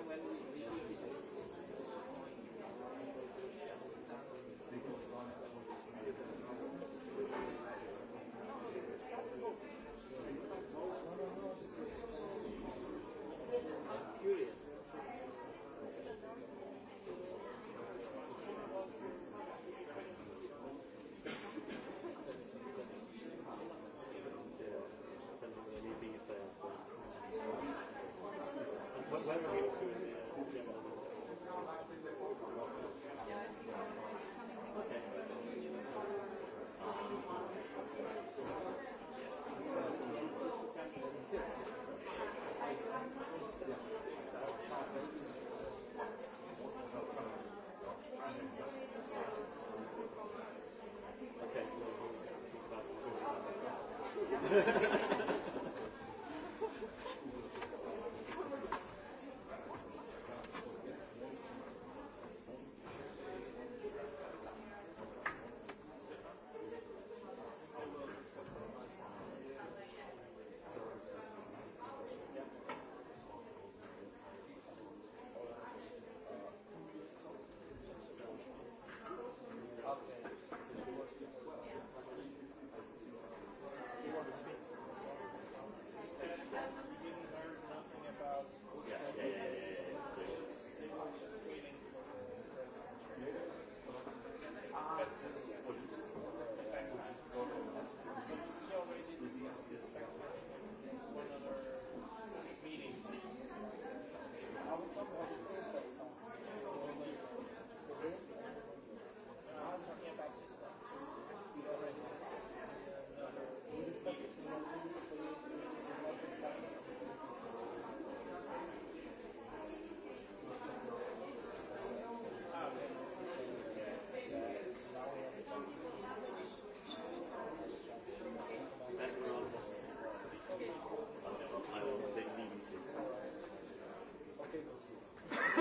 when Okay.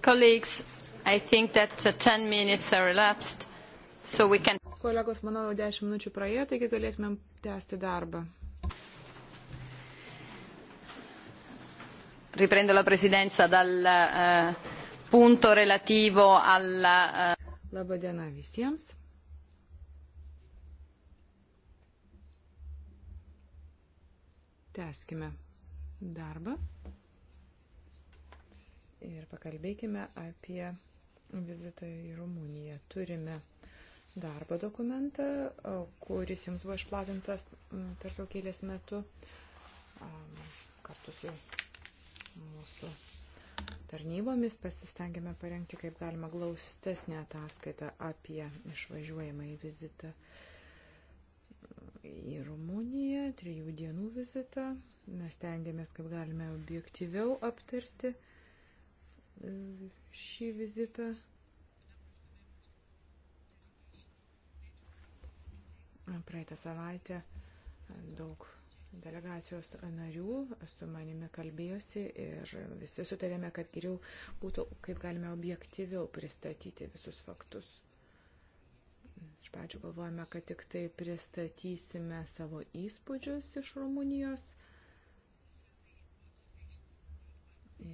Colleagues, I think that 10 minutes are elapsed, so we can... Kolegos, manau, 10 minučių praėjo, taigi galėtumėm tęsti darbą. Riprendo la presidenza dal uh, punto relativo alla... Uh... Eh, Labadiena visiems. Tęskime darbą. Ir pakalbėkime apie vizitą į Rumuniją. Turime darbo dokumentą, kuris jums buvo išplatintas pertraukėlės metu kartu su mūsų tarnybomis pasistengėme parengti kaip galima glaustesnę ataskaitą apie išvažiuojamą į vizitą į Rumuniją, trijų dienų vizitą. Mes tengiamės kaip galime objektyviau aptarti uh, E, šį vizitą. Praeitą savaitę daug delegacijos narių su manimi kalbėjosi ir visi sutarėme, kad geriau būtų, kaip galime objektyviau pristatyti visus faktus. Iš pradžių galvojame, kad tik tai pristatysime savo įspūdžius iš Rumunijos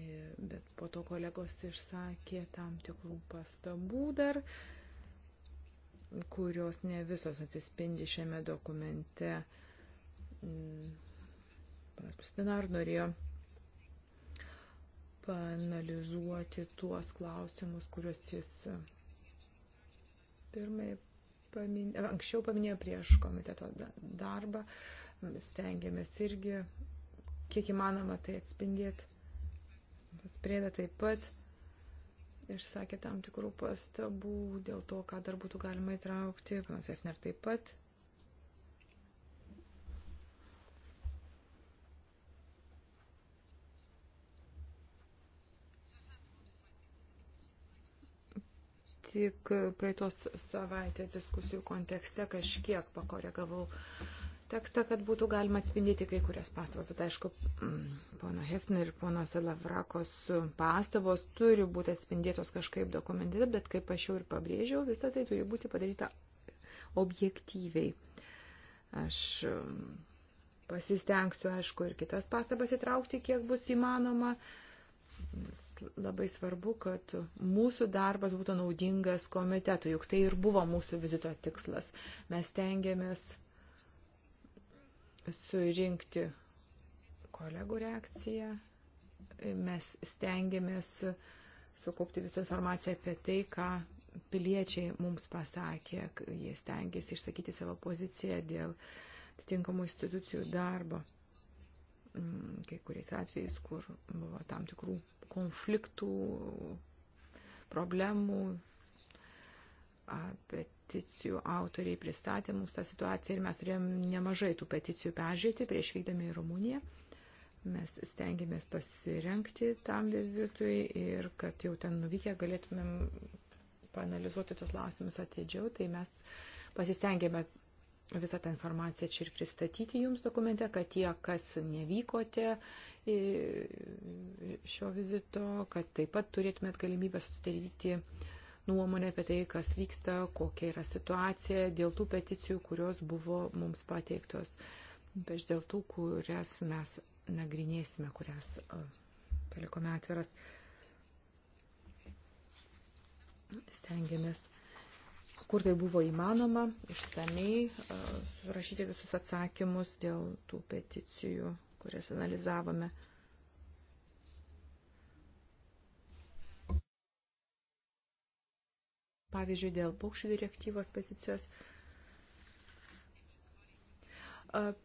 E, bet po to kolegos išsakė tam tikrų pastabų dar, kurios ne visos atsispindi šiame dokumente. Mm, panas Pristinar norėjo panalizuoti tuos klausimus, kuriuos jis pirmai paminė, anksčiau paminėjo prieš komiteto darbą. Stengiamės irgi, kiek įmanoma, tai atspindėti. Pas priedą taip pat išsakė tam tikrų pastabų dėl to, ką dar būtų galima įtraukti. Panas Efner taip pat. Tik praeitos savaitės diskusijų kontekste kažkiek pakoregavau uh, tekstą, kad būtų galima atspindėti kai kurias pastabas. Tai aišku, pono Hefner ir pono Selavrakos pastabos turi būti atspindėtos kažkaip dokumente, bet kaip aš jau ir pabrėžiau, visą tai turi būti padaryta objektyviai. Aš pasistengsiu, aišku, ir kitas pastabas įtraukti, kiek bus įmanoma. Labai svarbu, kad mūsų darbas būtų naudingas komitetui, juk tai ir buvo mūsų vizito tikslas. Mes tengiamės surinkti kolegų reakciją. Mes stengiamės sukaupti visą informaciją apie tai, ką piliečiai mums pasakė, jie stengiasi išsakyti savo poziciją dėl atitinkamų institucijų darbo. Mm, kai kuriais atvejais, kur buvo tam tikrų konfliktų, problemų, bet peticijų autoriai pristatė mums tą situaciją ir mes turėjom nemažai tų peticijų peržiūrėti prieš vykdami į Rumuniją. Mes stengiamės pasirenkti tam vizitui ir kad jau ten nuvykę galėtumėm panalizuoti tos lausimus atidžiau, tai mes pasistengėme visą tą informaciją čia ir pristatyti jums dokumente, kad tie, kas nevykote šio vizito, kad taip pat turėtumėt galimybę susidaryti uh, nuomonę apie tai, kas vyksta, kokia yra situacija dėl tų peticijų, kurios buvo mums pateiktos, bet dėl tų, kurias mes nagrinėsime, kurias palikome atviras. Stengiamės kur tai buvo įmanoma, išsamei surašyti visus atsakymus dėl tų peticijų, kurias analizavome. pavyzdžiui, dėl paukščių direktyvos peticijos.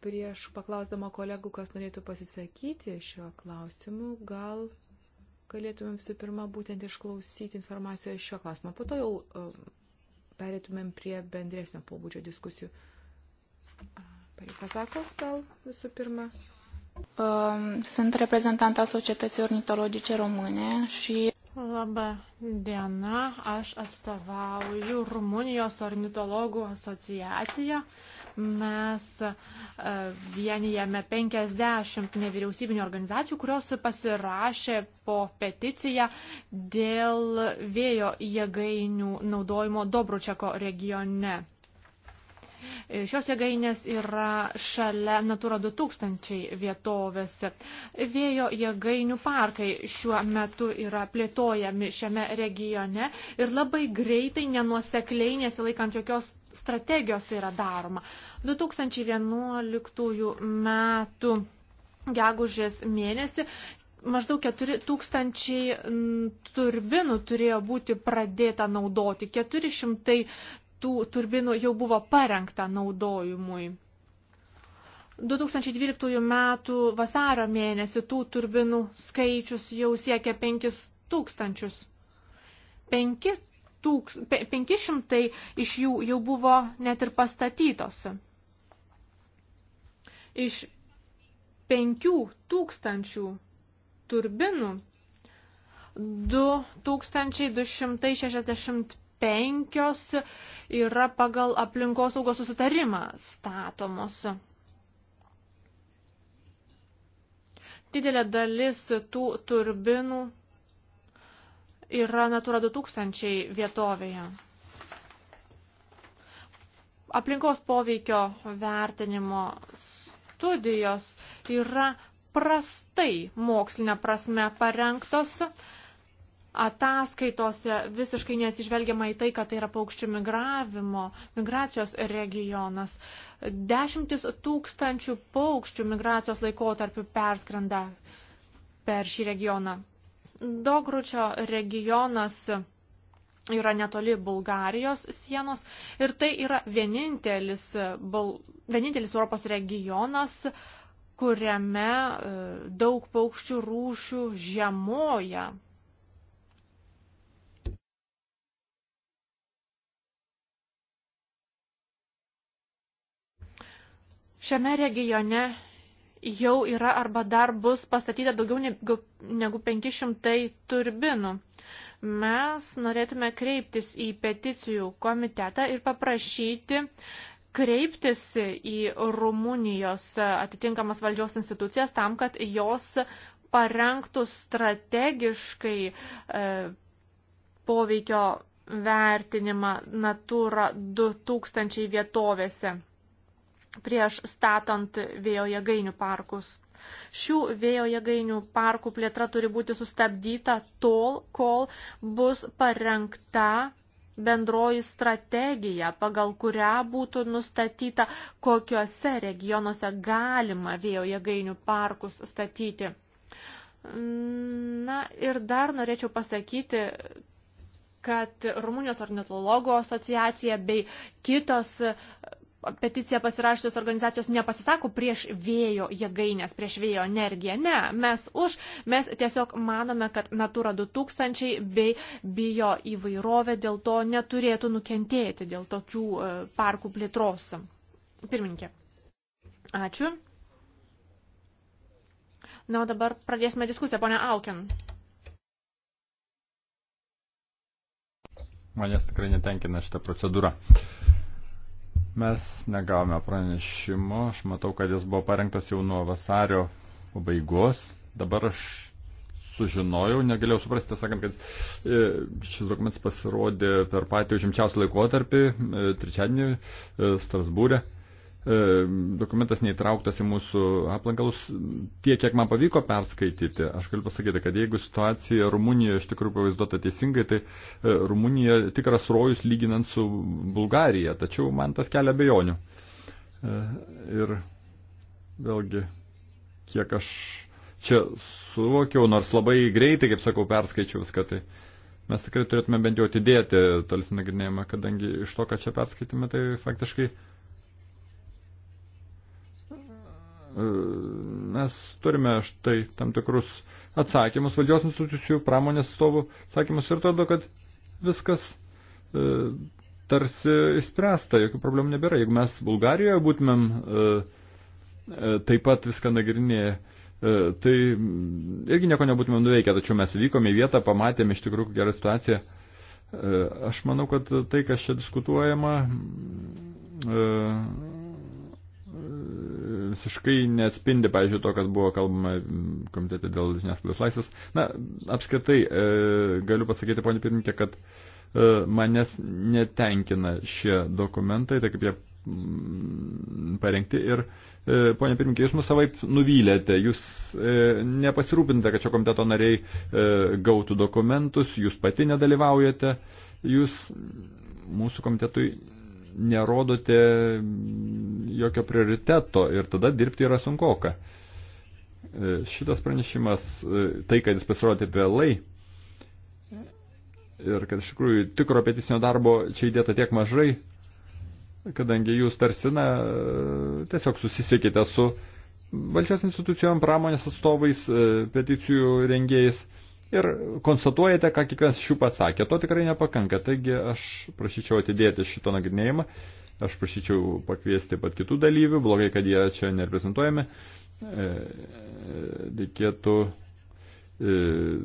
Prieš paklausdama kolegų, kas norėtų pasisakyti šiuo klausimu, gal galėtumėm visų pirma būtent išklausyti informaciją šio klausimo. Po to jau perėtumėm prie bendresnio pobūdžio diskusijų. Pasako gal visų pirma? Um, sunt reprezentanta Societății Ornitologice Române și... Labą dieną, aš atstovauju Rumunijos ornitologų asociaciją. Mes e, vienijame 50 nevyriausybinio organizacijų, kurios pasirašė po peticiją dėl vėjo jėgainių naudojimo Dobručeko regione. Šios jėgainės yra šalia Natura 2000 vietovės. Vėjo jėgainių parkai šiuo metu yra plėtojami šiame regione ir labai greitai, nenuosekliai, nesilaikant jokios strategijos tai yra daroma. 2011 metų gegužės mėnesį maždaug 4 tūkstančiai turbinų turėjo būti pradėta naudoti, 400 tų turbinų jau buvo parengta naudojimui. 2012 m. vasaro mėnesį tų turbinų skaičius jau siekia 5000. 5 tūks, 500 iš jų jau buvo net ir pastatytos. Iš 5000 turbinų 2265 penkios yra pagal aplinkosaugos susitarimą statomos. Didelė dalis tų turbinų yra Natura 2000 vietovėje. Aplinkos poveikio vertinimo studijos yra prastai mokslinė prasme parengtos ataskaitose visiškai neatsižvelgiama į tai, kad tai yra paukščių migravimo, migracijos regionas. Dešimtis tūkstančių paukščių migracijos laikotarpių perskrenda per šį regioną. Dogručio regionas yra netoli Bulgarijos sienos ir tai yra vienintelis, bal, vienintelis Europos regionas, kuriame e, daug paukščių rūšių žiemoja. Šiame regione jau yra arba dar bus pastatyta daugiau negu 500 turbinų. Mes norėtume kreiptis į peticijų komitetą ir paprašyti kreiptis į Rumunijos atitinkamas valdžios institucijas tam, kad jos parengtų strategiškai e, poveikio vertinimą Natūra 2000 vietovėse prieš statant vėjo jėgainių parkus. Šių vėjo jėgainių parkų plėtra turi būti sustabdyta tol, kol bus parengta bendroji strategija, pagal kurią būtų nustatyta, kokiuose regionuose galima vėjo jėgainių parkus statyti. Na ir dar norėčiau pasakyti, kad Rumunijos ornitologų asociacija bei kitos peticiją pasirašytos organizacijos nepasisako prieš vėjo jėgainės, prieš vėjo energiją. Ne, mes už, mes tiesiog manome, kad Natura 2000 bei bio įvairovė dėl to neturėtų nukentėti, dėl tokių e, parkų plėtros. Pirminkė. Ačiū. Na, o dabar pradėsime diskusiją, ponia Aukin. Manęs tikrai netenkina šitą procedūrą. Uh, Mes negavome pranešimo, aš matau, kad jis buvo parengtas jau nuo vasario pabaigos. Dabar aš sužinojau, negalėjau suprasti, sakant, kad e, šis dokumentas pasirodė per patį užimčiausią laikotarpį, e, trečiadienį Strasbūrė. E. E, dokumentas neįtrauktas į mūsų aplankalus, tiek, kiek man pavyko perskaityti, aš galiu pasakyti, kad jeigu situacija Rumunijoje iš tikrųjų pavaizduota teisingai, tai e, Rumunija tikras rojus lyginant su Bulgarija, tačiau man tas kelia bejonių. E, ir vėlgi, kiek aš čia suvokiau, nors labai greitai, kaip sakau, perskaičiau viską, tai mes tikrai turėtume bent jau atidėti tolesnį nagrinėjimą, kadangi iš to, ką čia perskaitėme, tai faktiškai E, mes turime štai tam tikrus atsakymus valdžios institucijų, pramonės atstovų atsakymus ir atrodo, kad viskas e, tarsi išspręsta, jokių problemų nebėra. Jeigu mes Bulgarijoje būtumėm e, e, taip pat viską nagrinėję, e, tai irgi nieko nebūtumėm nuveikę, tačiau mes vykome į vietą, pamatėme iš tikrųjų gerą situaciją. E, aš manau, kad tai, kas čia diskutuojama, e, visiškai neatspindi, pavyzdžiui, to, kas buvo kalbama komitete dėl žiniasklaidos laisvės. Na, apskritai, e, galiu pasakyti, ponė pirmininkė, kad e, manęs netenkina šie dokumentai, tai kaip jie mm, parengti. Ir, e, ponė pirmininkė, jūs mus savaip nuvylėte, jūs e, nepasirūpinate, kad šio komiteto nariai e, gautų dokumentus, jūs pati nedalyvaujate, jūs mūsų komitetui nerodote jokio prioriteto ir tada dirbti yra sunkoka. E, šitas pranešimas, e, tai, kad jis pasirodė vėlai ir kad iš tikrųjų tikro peticinio darbo čia įdėta tiek mažai, kadangi jūs tarsi, na, e, tiesiog susisiekite su valdžios institucijom, pramonės atstovais, peticijų rengėjais ir konstatuojate, ką kiekvienas šių pasakė. To tikrai nepakanka. Taigi aš prašyčiau atidėti šito nagrinėjimą. Aš prašyčiau pakviesti taip pat kitų dalyvių. Blogai, kad jie čia nereprezentuojami. E, reikėtų e,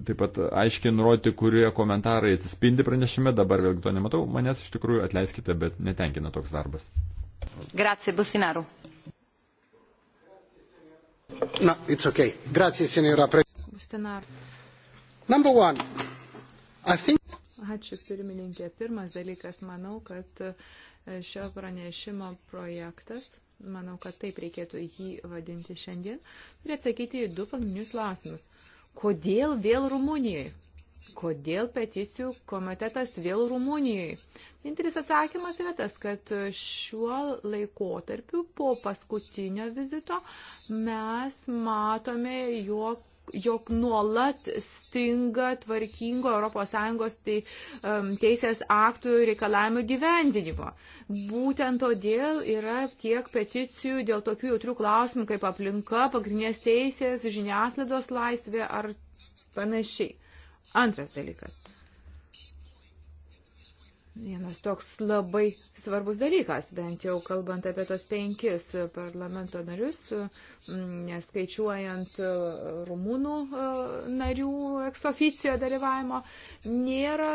taip pat aiškiai nurodyti, kurie komentarai atsispindi pranešime. Dabar vėlgi to nematau. Manęs iš tikrųjų atleiskite, bet netenkina toks darbas. Grazie, Businaru. No, it's okay. Grazie, signora Presidente. Number one, I think. Ačiū pirmininkė. Pirmas dalykas, manau, kad e, šio pranešimo projektas, manau, kad taip reikėtų jį vadinti šiandien, turi atsakyti į du pagrindinius klausimus. Kodėl vėl Rumunijai? Kodėl peticijų komitetas vėl Rumunijai? Vienintelis atsakymas yra tas, kad šiuo laikotarpiu po paskutinio vizito mes matome, jog jog nuolat stinga tvarkingo ES teisės aktų reikalavimų gyvendinimo. Būtent todėl yra tiek peticijų dėl tokių jautrių klausimų kaip aplinka, pagrindinės teisės, žiniaslaidos laisvė ar panašiai. Antras dalykas. Vienas toks labai svarbus dalykas, bent jau kalbant apie tos penkis parlamento narius, neskaičiuojant e, rumūnų e, narių eksoficijo dalyvavimo, nėra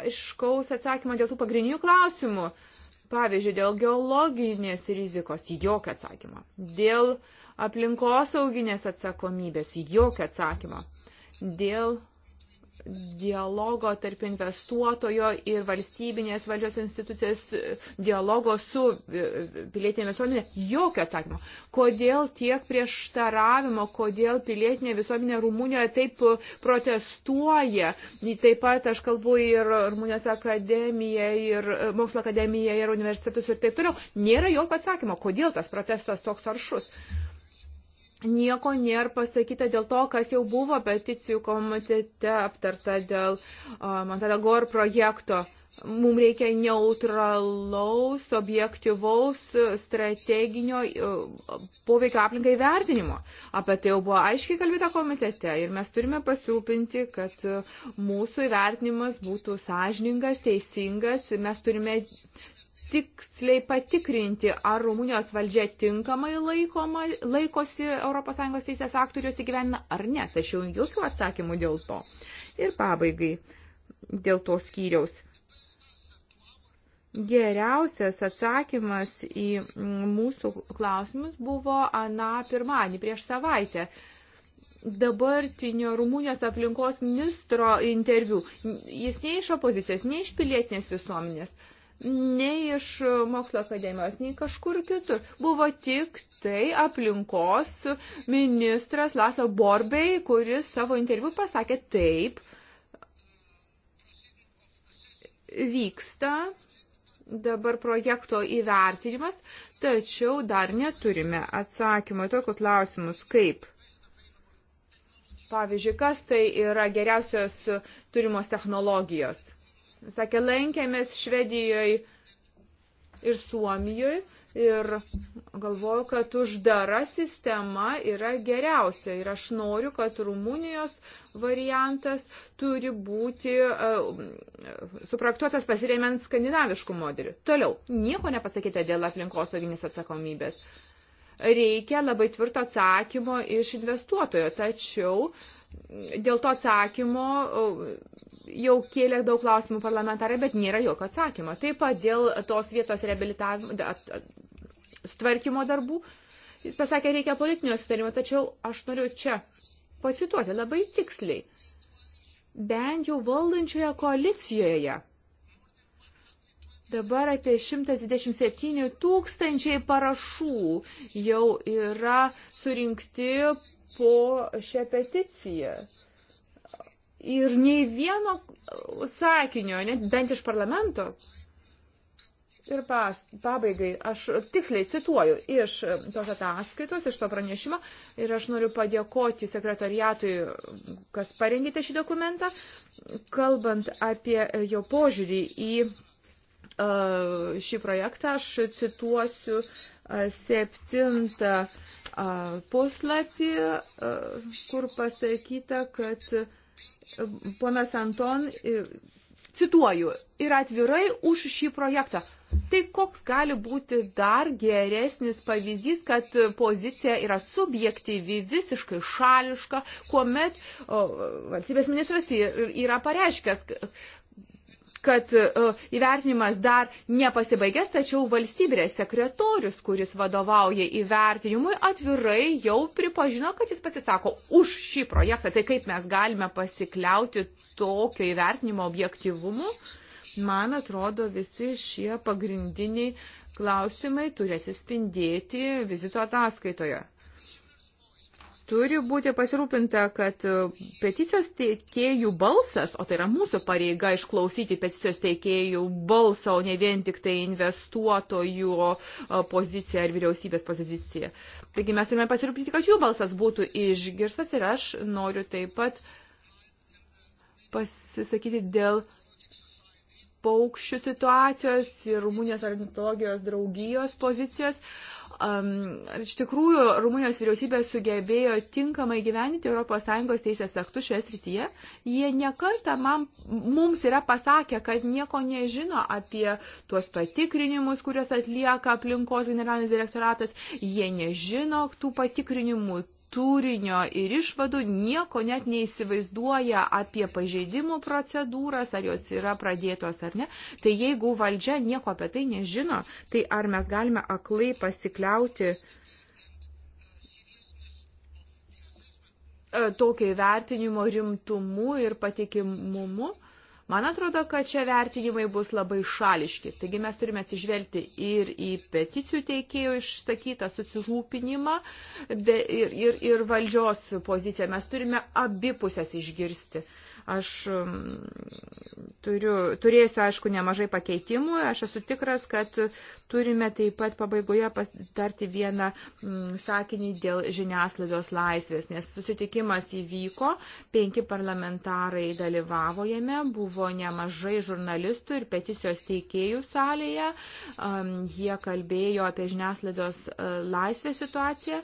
aiškaus atsakymo dėl tų pagrindinių klausimų. Pavyzdžiui, dėl geologinės rizikos jokio atsakymo. Dėl aplinkosauginės atsakomybės jokio atsakymo. Dėl dialogo tarp investuotojo ir valstybinės valdžios institucijos, e, dialogo su e, pilietinė visuomenė, jokio atsakymo. Kodėl tiek prieštaravimo, kodėl pilietinė visuomenė Rumunijoje taip protestuoja. Taip pat aš kalbu ir Rumunijos akademiją, ir e, mokslo akademiją, ir universitetus ir taip toliau. Nėra jokio atsakymo, kodėl tas protestas toks aršus nieko nėra pasakyta dėl to, kas jau buvo peticijų komitete aptarta dėl Montadagor projekto. Mums reikia neutralaus, objektivaus, strateginio poveikio aplinkai vertinimo. Apie tai jau buvo aiškiai kalbėta komitete ir mes turime pasirūpinti, kad mūsų įvertinimas būtų sąžiningas, teisingas ir mes turime tiksliai patikrinti, ar Rumunijos valdžia tinkamai laikoma, laikosi ES teisės aktų ir jos įgyvenina ar ne. Tačiau jokių atsakymų dėl to. Ir pabaigai dėl to skyriaus. Geriausias atsakymas į mūsų klausimus buvo Ana pirmadienį, prieš savaitę dabartinio Rumunijos aplinkos ministro interviu. Jis nei iš opozicijos, nei iš pilietinės visuomenės. Uh, nei iš mokslo akademijos, nei kažkur kitur. Buvo tik tai aplinkos ministras Laslo Borbei, kuris savo interviu pasakė taip, vyksta dabar projekto įvertinimas, tačiau dar neturime atsakymą į tokius klausimus kaip. Pavyzdžiui, kas tai yra geriausios turimos technologijos? Sakė, lankėmės Švedijoje ir Suomijoje ir galvoju, kad uždara sistema yra geriausia. Ir aš noriu, kad Rumunijos variantas turi būti uh, e, supraktuotas pasiremiant skandinaviškų modelių. Toliau, nieko nepasakėte dėl aplinkosauginės atsakomybės. Uh, reikia labai tvirto atsakymo iš investuotojo. Tačiau dėl to atsakymo e, jau kėlė daug klausimų parlamentarai, bet nėra jokio atsakymo. Taip pat dėl tos vietos reabilitavimo, sutvarkymo darbų, jis pasakė, reikia politinio sutarimo, tačiau aš noriu čia pacituoti labai tiksliai. Bent jau valdančioje koalicijoje Dabar apie 127 tūkstančiai parašų jau yra surinkti po šią peticiją. Ir nei vieno sakinio, net bent iš parlamento. Ir pas, pabaigai, aš tiksliai cituoju iš tos ataskaitos, iš to pranešimo ir aš noriu padėkoti sekretariatui, kas parengėte šį dokumentą, kalbant apie jo požiūrį į šį projektą. Aš cituosiu septintą puslapį, kur pasakyta, kad ponas Anton, cituoju, ir atvirai už šį projektą. Tai koks gali būti dar geresnis pavyzdys, kad pozicija yra subjektyvi, visiškai šališka, kuomet o, valstybės ministras yra pareiškęs, kad e, įvertinimas dar nepasibaigęs, tačiau valstybės sekretorius, kuris vadovauja įvertinimui, atvirai jau pripažino, kad jis pasisako už šį projektą. Tai kaip mes galime pasikliauti tokio įvertinimo objektivumu? Man atrodo, visi šie pagrindiniai klausimai turi atsispindėti vizito ataskaitoje turi būti pasirūpinta, kad e, peticijos teikėjų balsas, o tai yra mūsų pareiga išklausyti peticijos teikėjų balsą, o ne vien tik tai investuotojų e, poziciją ar vyriausybės poziciją. Taigi mes turime pasirūpinti, kad jų balsas būtų išgirstas ir aš noriu taip pat pasisakyti dėl paukščių situacijos ir Rumunijos ornitologijos draugijos pozicijos. Uh, iš tikrųjų Rumunijos vyriausybė sugebėjo tinkamai gyveninti ES teisės aktus šioje srityje. Jie nekartą man, mums yra pasakę, kad nieko nežino apie tuos patikrinimus, kuriuos atlieka aplinkos generalinis direktoratas. Jie nežino tų patikrinimų turinio ir išvadų nieko net neįsivaizduoja apie pažeidimų procedūras, ar jos yra pradėtos ar ne. Tai jeigu valdžia nieko apie tai nežino, tai ar mes galime aklai pasikliauti e, tokio įvertinimo rimtumu ir patikimumu? Man atrodo, kad čia vertinimai bus labai šališki. Taigi mes turime atsižvelgti ir į peticijų teikėjų išsakytą susirūpinimą be, ir, ir, ir valdžios poziciją. Mes turime abipusės išgirsti. Aš mm, turiu, turėsiu, aišku, nemažai pakeitimų. Aš esu tikras, kad Turime taip pat pabaigoje pastarti vieną m, mm, sakinį dėl žiniasklaidos laisvės, nes susitikimas įvyko, penki parlamentarai dalyvavo jame, buvo nemažai žurnalistų ir peticijos teikėjų salėje, um, jie kalbėjo apie žiniasklaidos uh, laisvės situaciją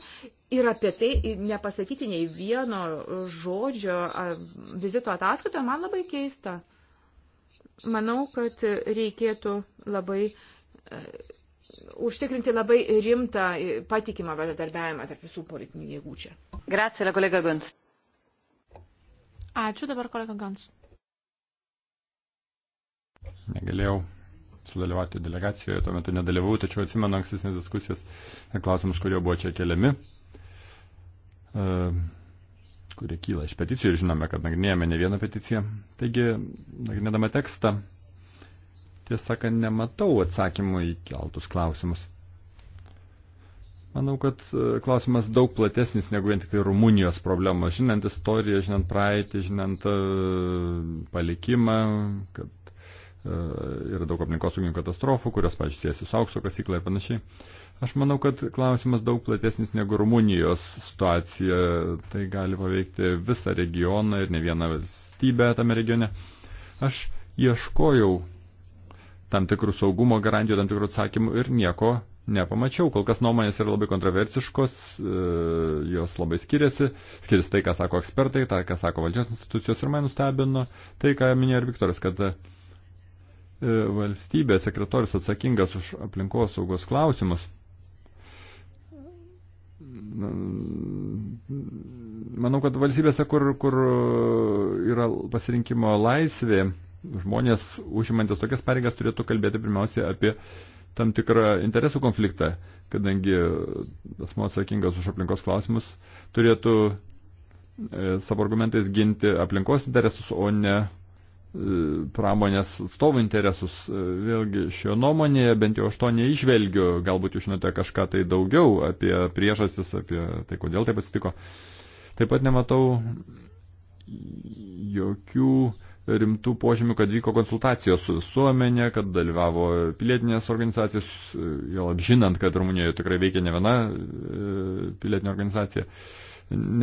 Ir apie tai nepasakyti nei vieno žodžio vizito ataskaitoje man labai keista. Manau, kad reikėtų labai e, užtikrinti labai rimtą patikimą bendradarbiavimą tarp visų politinių jėgų čia. Grazie, la kolega Gons. Ačiū dabar, kolega Gons. Negalėjau sudalyvauti delegacijoje, tuo metu nedalyvau, tačiau atsimenu ankstesnės diskusijas ir klausimus, kurie buvo čia keliami, e, kurie kyla iš peticijų ir žinome, kad nagrinėjame ne vieną peticiją. Taigi, nagrinėdama tekstą, tiesą sakant, nematau atsakymų į keltus klausimus. Manau, kad e, klausimas daug platesnis negu vien tik tai Rumunijos problema. Žinant istoriją, žinant praeitį, žinant e, palikimą, kad e, yra daug aplinkosauginių katastrofų, kurios, pažiūrėjau, tiesi su aukso kasykla ir panašiai. Aš manau, kad klausimas daug platesnis negu Rumunijos situacija. Tai gali paveikti visą regioną ir ne vieną valstybę tame regione. Aš ieškojau tam tikrų saugumo garantijų, tam tikrų atsakymų ir nieko nepamačiau. Kol kas nuomonės yra labai kontroversiškos, e, jos labai skiriasi. Skiriasi tai, ką sako ekspertai, tai, ką sako valdžios institucijos ir man nustebino tai, ką minėjo ir Viktoras, kad e, valstybės sekretorius atsakingas už aplinkos saugos klausimus. Manau, kad valstybėse, kur, kur yra pasirinkimo laisvė, žmonės užimantis tokias pareigas turėtų kalbėti pirmiausia apie tam tikrą interesų konfliktą, kadangi asmo atsakingas už aplinkos klausimus turėtų e, savo argumentais ginti aplinkos interesus, o ne e, pramonės atstovų interesus. E, vėlgi šio nuomonėje bent jau aš to neižvelgiu, galbūt jūs žinote kažką tai daugiau apie priežastis, apie tai, kodėl taip atsitiko. Taip pat nematau jokių rimtų požymių, kad vyko konsultacijos su visuomenė, kad dalyvavo pilietinės organizacijos, jau apžinant, kad Rumunijoje tikrai veikia ne viena e, pilietinė organizacija.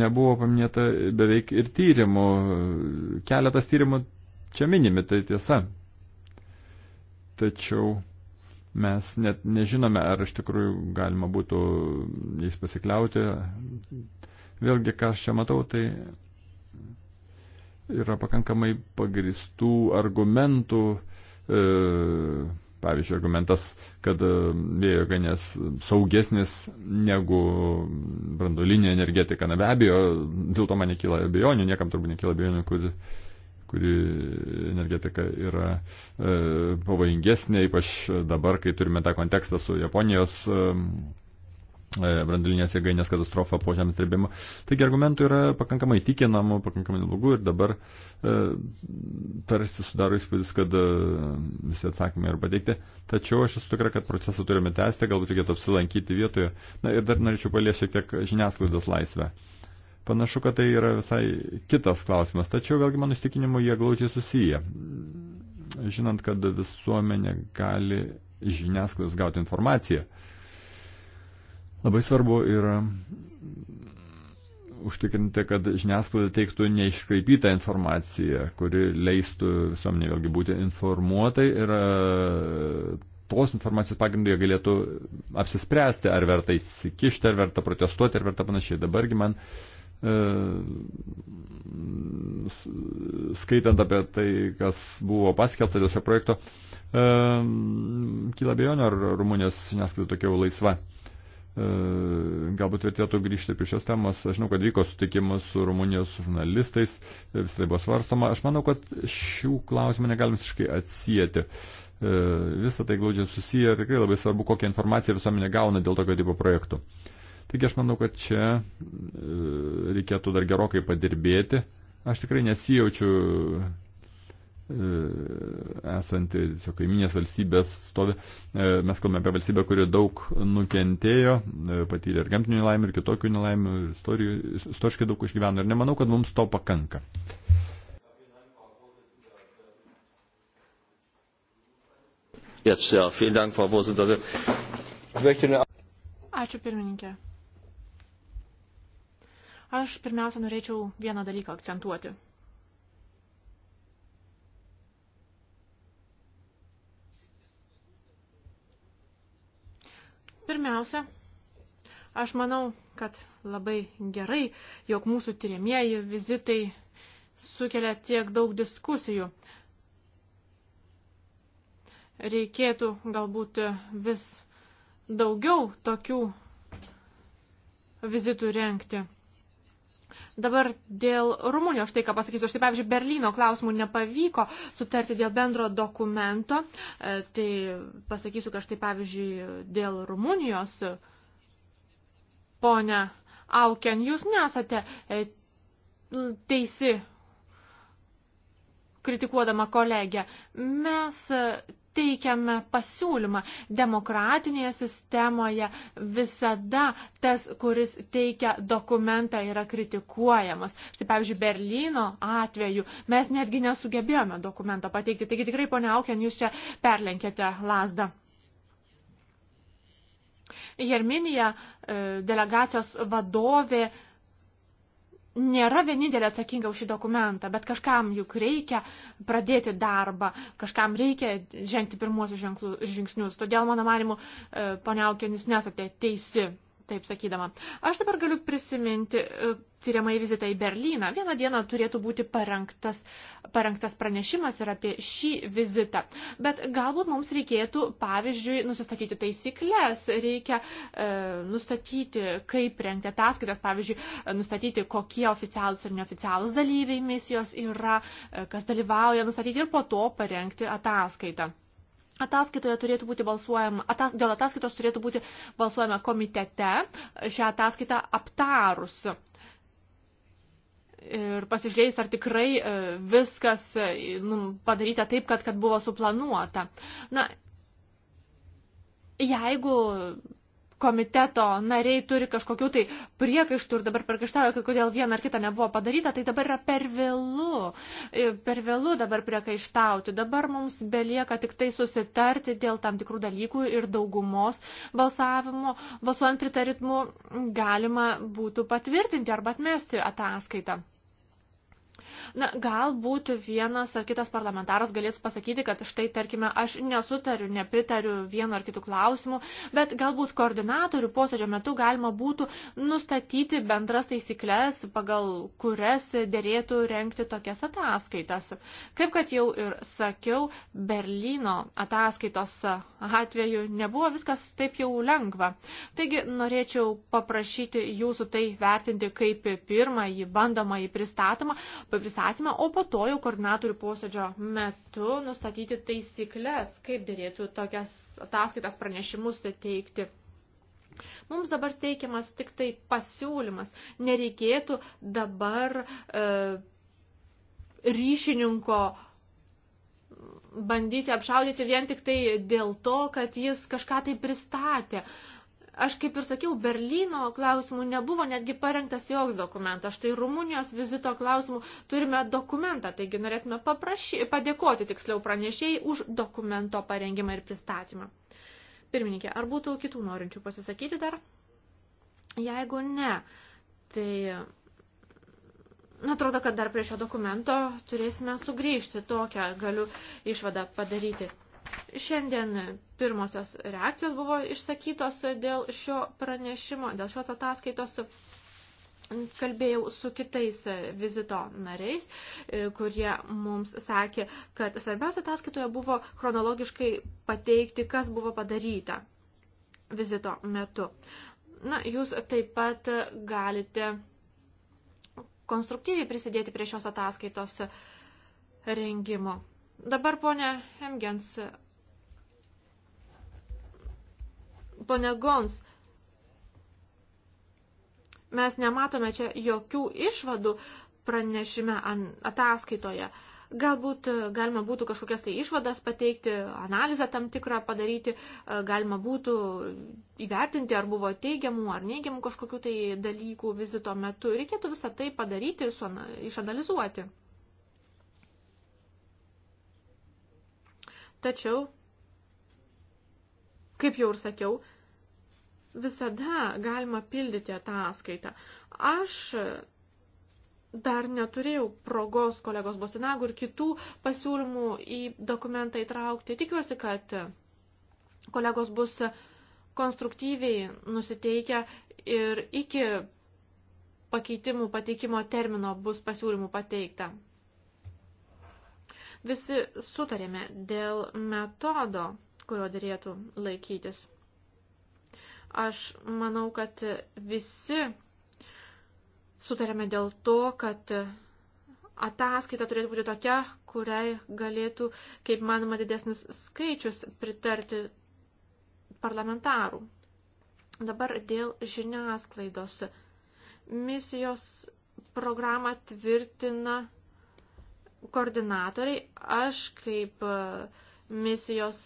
Nebuvo paminėta beveik ir tyrimų. Keletas tyrimų čia minimi, tai tiesa. Tačiau mes net nežinome, ar iš tikrųjų galima būtų jais pasikliauti. Vėlgi, ką aš čia matau, tai yra pakankamai pagristų argumentų, e, pavyzdžiui, argumentas, kad e, vėjo jėgainės saugesnis negu brandolinė energetika, na be abejo, dėl to man nekyla abejonių, niekam turbūt nekyla abejonių, kur kuri energetika yra e, pavojingesnė, ypač dabar, kai turime tą kontekstą su Japonijos e, E, brandulinės jėgainės katastrofą po žemės drebėjimo. Taigi argumentų yra pakankamai tikinamų, pakankamai ilgų ir dabar e, tarsi sudaro įspūdis, kad e, visi atsakymai yra pateikti. Tačiau aš esu tikra, kad procesą turime tęsti, galbūt reikėtų apsilankyti vietoje. Na ir dar norėčiau paliesti šiek tiek žiniasklaidos laisvę. Panašu, kad tai yra visai kitas klausimas, tačiau vėlgi mano įstikinimu jie glaudžiai susiję. Žinant, kad visuomenė gali žiniasklaidos gauti informaciją, Labai svarbu yra užtikrinti, kad žiniasklaida teiktų neiškraipytą informaciją, kuri leistų visuomenė vėlgi būti informuotai ir e, tos informacijos pagrindu jie galėtų apsispręsti, ar verta įsikišti, ar verta protestuoti, ar verta panašiai. Dabargi man e, skaitant apie tai, kas buvo paskelbta dėl šio projekto, e, kyla bejonių, ar Rumunijos žiniasklaida tokia laisva. E, galbūt vertėtų grįžti prie šios temos. Aš žinau, kad vyko sutikimas su Rumunijos žurnalistais, vis tai buvo svarstoma. Aš manau, kad šių klausimų negalim visiškai atsijėti. E, Visą tai glaudžiai susiję ir tikrai labai svarbu, kokią informaciją visuomenė gauna dėl tokio tipo projektų. Taigi aš manau, kad čia e, reikėtų dar gerokai padirbėti. Aš tikrai nesijaučiu E, esanti tiesiog kaiminės valstybės stovi. E, mes kalbame apie valstybę, kuri daug nukentėjo, e, patyrė ir gamtinių nelaimių, ir kitokių nelaimių, istoriškai daug išgyveno. Ir nemanau, kad mums to pakanka. Jetzt, ja, vielen Dank, Frau Vorsitzende. Ich möchte eine Ačiū pirmininkė. Aš pirmiausia norėčiau vieną dalyką akcentuoti. Pirmiausia, aš manau, kad labai gerai, jog mūsų tyrimieji vizitai sukelia tiek daug diskusijų. Reikėtų galbūt vis daugiau tokių vizitų renkti. Dabar dėl Rumunijos štai ką pasakysiu. Štai pavyzdžiui, Berlyno klausimų nepavyko sutarti dėl bendro dokumento. E, tai pasakysiu, kad štai pavyzdžiui, dėl Rumunijos, ponia Auken, jūs nesate e, teisi kritikuodama kolegę. Mes teikiame pasiūlymą. Demokratinėje sistemoje visada tas, kuris teikia dokumentą, yra kritikuojamas. Štai pavyzdžiui, Berlyno atveju mes netgi nesugebėjome dokumento pateikti. Taigi tikrai, ponia Aukien, jūs čia perlenkėte lasdą. Jerminija, e, delegacijos vadovė, nėra vienintelė atsakinga už šį dokumentą, bet kažkam juk reikia pradėti darbą, kažkam reikia žengti pirmuosius žingsnius. Todėl, mano manimu, e, ponia Aukienis nesate teisi taip sakydama. Aš dabar galiu prisiminti e, tyriamąjį vizitą į Berliną. Vieną dieną turėtų būti parengtas, parengtas pranešimas ir apie šį vizitą. Bet galbūt mums reikėtų, pavyzdžiui, nusistatyti taisyklės, reikia e, nustatyti, kaip rengti ataskaitas, pavyzdžiui, nustatyti, kokie oficialūs ir neoficialūs dalyviai misijos yra, e, kas dalyvauja, nustatyti ir po to parengti ataskaitą. Ataskaitoje turėtų būti balsuojama, atas, dėl ataskaitos turėtų būti balsuojama komitete, šią ataskaitą aptarus. Ir pasižiūrėjus, ar tikrai e, viskas e, nu, padaryta taip, kad, kad buvo suplanuota. Na, jeigu komiteto nariai turi kažkokių tai priekaištų ir dabar priekaištauja, kodėl viena ar kita nebuvo padaryta, tai dabar yra per vėlų, per vėlų dabar priekaištauti. Dabar mums belieka tik tai susitarti dėl tam tikrų dalykų ir daugumos balsavimo, balsuojant pritaritmu, galima būtų patvirtinti arba atmesti ataskaitą. Na, galbūt vienas ar kitas parlamentaras galėtų pasakyti, kad štai, tarkime, aš nesutariu, nepritariu vienu ar kitu klausimu, bet galbūt koordinatorių posėdžio metu galima būtų nustatyti bendras taisyklės, pagal kurias dėrėtų renkti tokias ataskaitas. Kaip kad jau ir sakiau, Berlyno ataskaitos atveju nebuvo viskas taip jau lengva. Taigi norėčiau paprašyti jūsų tai vertinti kaip pirmąjį bandomąjį pristatymą, pristatymą, o po to jau koordinatorių posėdžio metu nustatyti taisyklės, kaip dėlėtų tokias ataskaitas pranešimus teikti. Mums dabar teikiamas tik tai pasiūlymas. Nereikėtų dabar e, ryšininko bandyti apšaudyti vien tik tai dėl to, kad jis kažką tai pristatė. E, Aš kaip ir sakiau, Berlyno klausimų nebuvo netgi parengtas joks dokumentas. Štai Rumunijos vizito klausimų turime dokumentą, taigi norėtume paprašy, padėkoti tiksliau pranešėjai už dokumento parengimą ir pristatymą. Pirmininkė, ar būtų kitų norinčių pasisakyti dar? Jeigu ne, tai atrodo, kad dar prie šio dokumento turėsime sugrįžti. Tokią galiu išvadą padaryti. Šiandien pirmosios reakcijos buvo išsakytos dėl šio pranešimo, dėl šios ataskaitos. Kalbėjau su kitais vizito nariais, e, kurie mums sakė, kad svarbiausia ataskaitoje buvo chronologiškai pateikti, kas buvo padaryta vizito metu. Na, jūs taip pat galite konstruktyviai prisidėti prie šios ataskaitos rengimo. Dabar, ponė Hemgens, Ponegons, mes nematome čia jokių išvadų pranešime ataskaitoje. Galbūt e, galima būtų kažkokias tai išvadas pateikti, analizę tam tikrą padaryti, e, galima būtų įvertinti, ar buvo teigiamų ar neigiamų kažkokių tai dalykų vizito metu. Reikėtų visą tai padaryti, su, išanalizuoti. Tačiau, kaip jau ir sakiau, visada galima pildyti ataskaitą. Aš dar neturėjau progos kolegos Bostinagų ir kitų pasiūlymų į dokumentą įtraukti. Tikiuosi, kad kolegos bus konstruktyviai nusiteikę ir iki pakeitimų pateikimo termino bus pasiūlymų pateikta. Visi sutarėme dėl metodo, kurio dėrėtų laikytis. Aš manau, kad visi sutarėme dėl to, kad ataskaita turėtų būti tokia, kuriai galėtų, kaip manoma, didesnis skaičius pritarti parlamentarų. Dabar dėl žiniasklaidos. Misijos programą tvirtina koordinatoriai. Aš kaip uh, misijos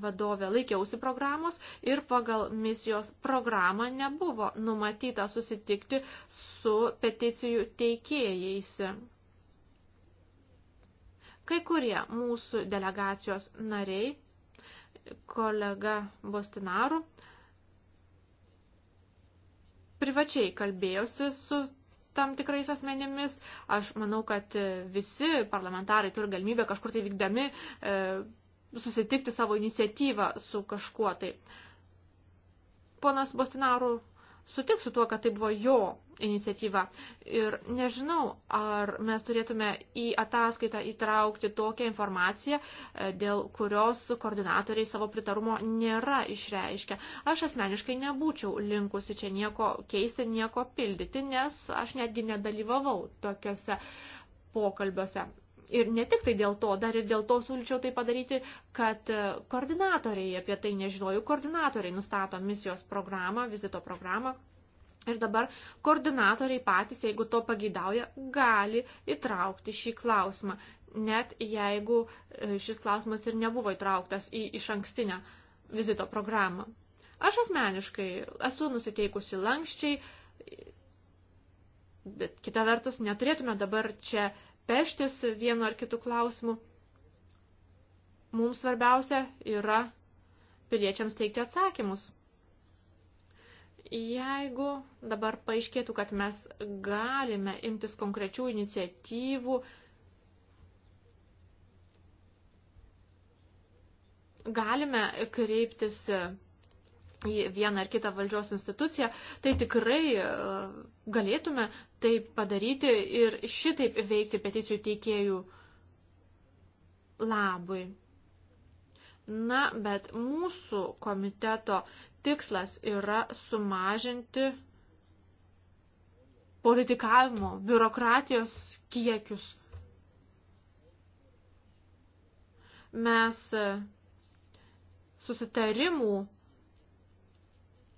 vadovė laikiausi programos ir pagal misijos programą nebuvo numatyta susitikti su peticijų teikėjais. Kai kurie mūsų delegacijos nariai, kolega Bostinaru, privačiai kalbėjosi su tam tikrais asmenimis. Aš manau, kad visi parlamentarai turi galimybę kažkur tai vykdami e, susitikti savo iniciatyvą su kažkuo tai. Ponas Bostinaru sutiks su tuo, kad tai buvo jo iniciatyva. Ir nežinau, ar mes turėtume į ataskaitą įtraukti tokią informaciją, e, dėl kurios koordinatoriai savo pritarumo nėra išreiškę. Aš asmeniškai nebūčiau linkusi čia nieko keisti, nieko pildyti, nes aš netgi nedalyvavau tokiuose pokalbiuose. Ir ne tik tai dėl to, dar ir dėl to siūlyčiau tai padaryti, kad e, koordinatoriai apie tai nežinojau, koordinatoriai nustato misijos programą, vizito programą. Ir dabar koordinatoriai patys, jeigu to pagydauja, gali įtraukti šį klausimą, net jeigu e, šis klausimas ir nebuvo įtrauktas į iš ankstinę vizito programą. Aš asmeniškai esu nusiteikusi lankščiai, bet kita vertus neturėtume dabar čia uh, peštis vienu ar kitu klausimu. Mums svarbiausia yra piliečiams teikti atsakymus. Jeigu dabar paaiškėtų, kad mes galime imtis konkrečių iniciatyvų, galime kreiptis į vieną ar kitą valdžios instituciją, tai tikrai e, galėtume tai padaryti ir šitaip veikti peticijų teikėjų labui. Na, bet mūsų komiteto tikslas yra sumažinti politikavimo, biurokratijos kiekius. Mes e, susitarimų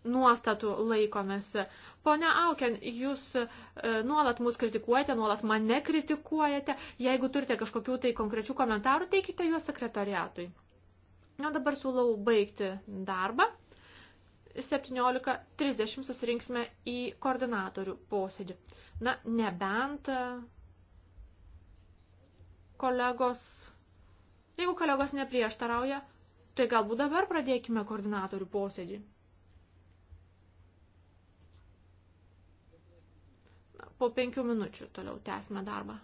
nuostatų laikomės. Pone Auken, jūs e, nuolat mus kritikuojate, nuolat mane kritikuojate. Jeigu turite kažkokių tai konkrečių komentarų, teikite juos sekretariatui. Na dabar siūlau baigti darbą. 17.30 susirinksime į koordinatorių posėdį. Na, nebent e, kolegos, jeigu kolegos neprieštarauja, tai galbūt dabar pradėkime koordinatorių posėdį. po penkių minučių toliau tęsime darbą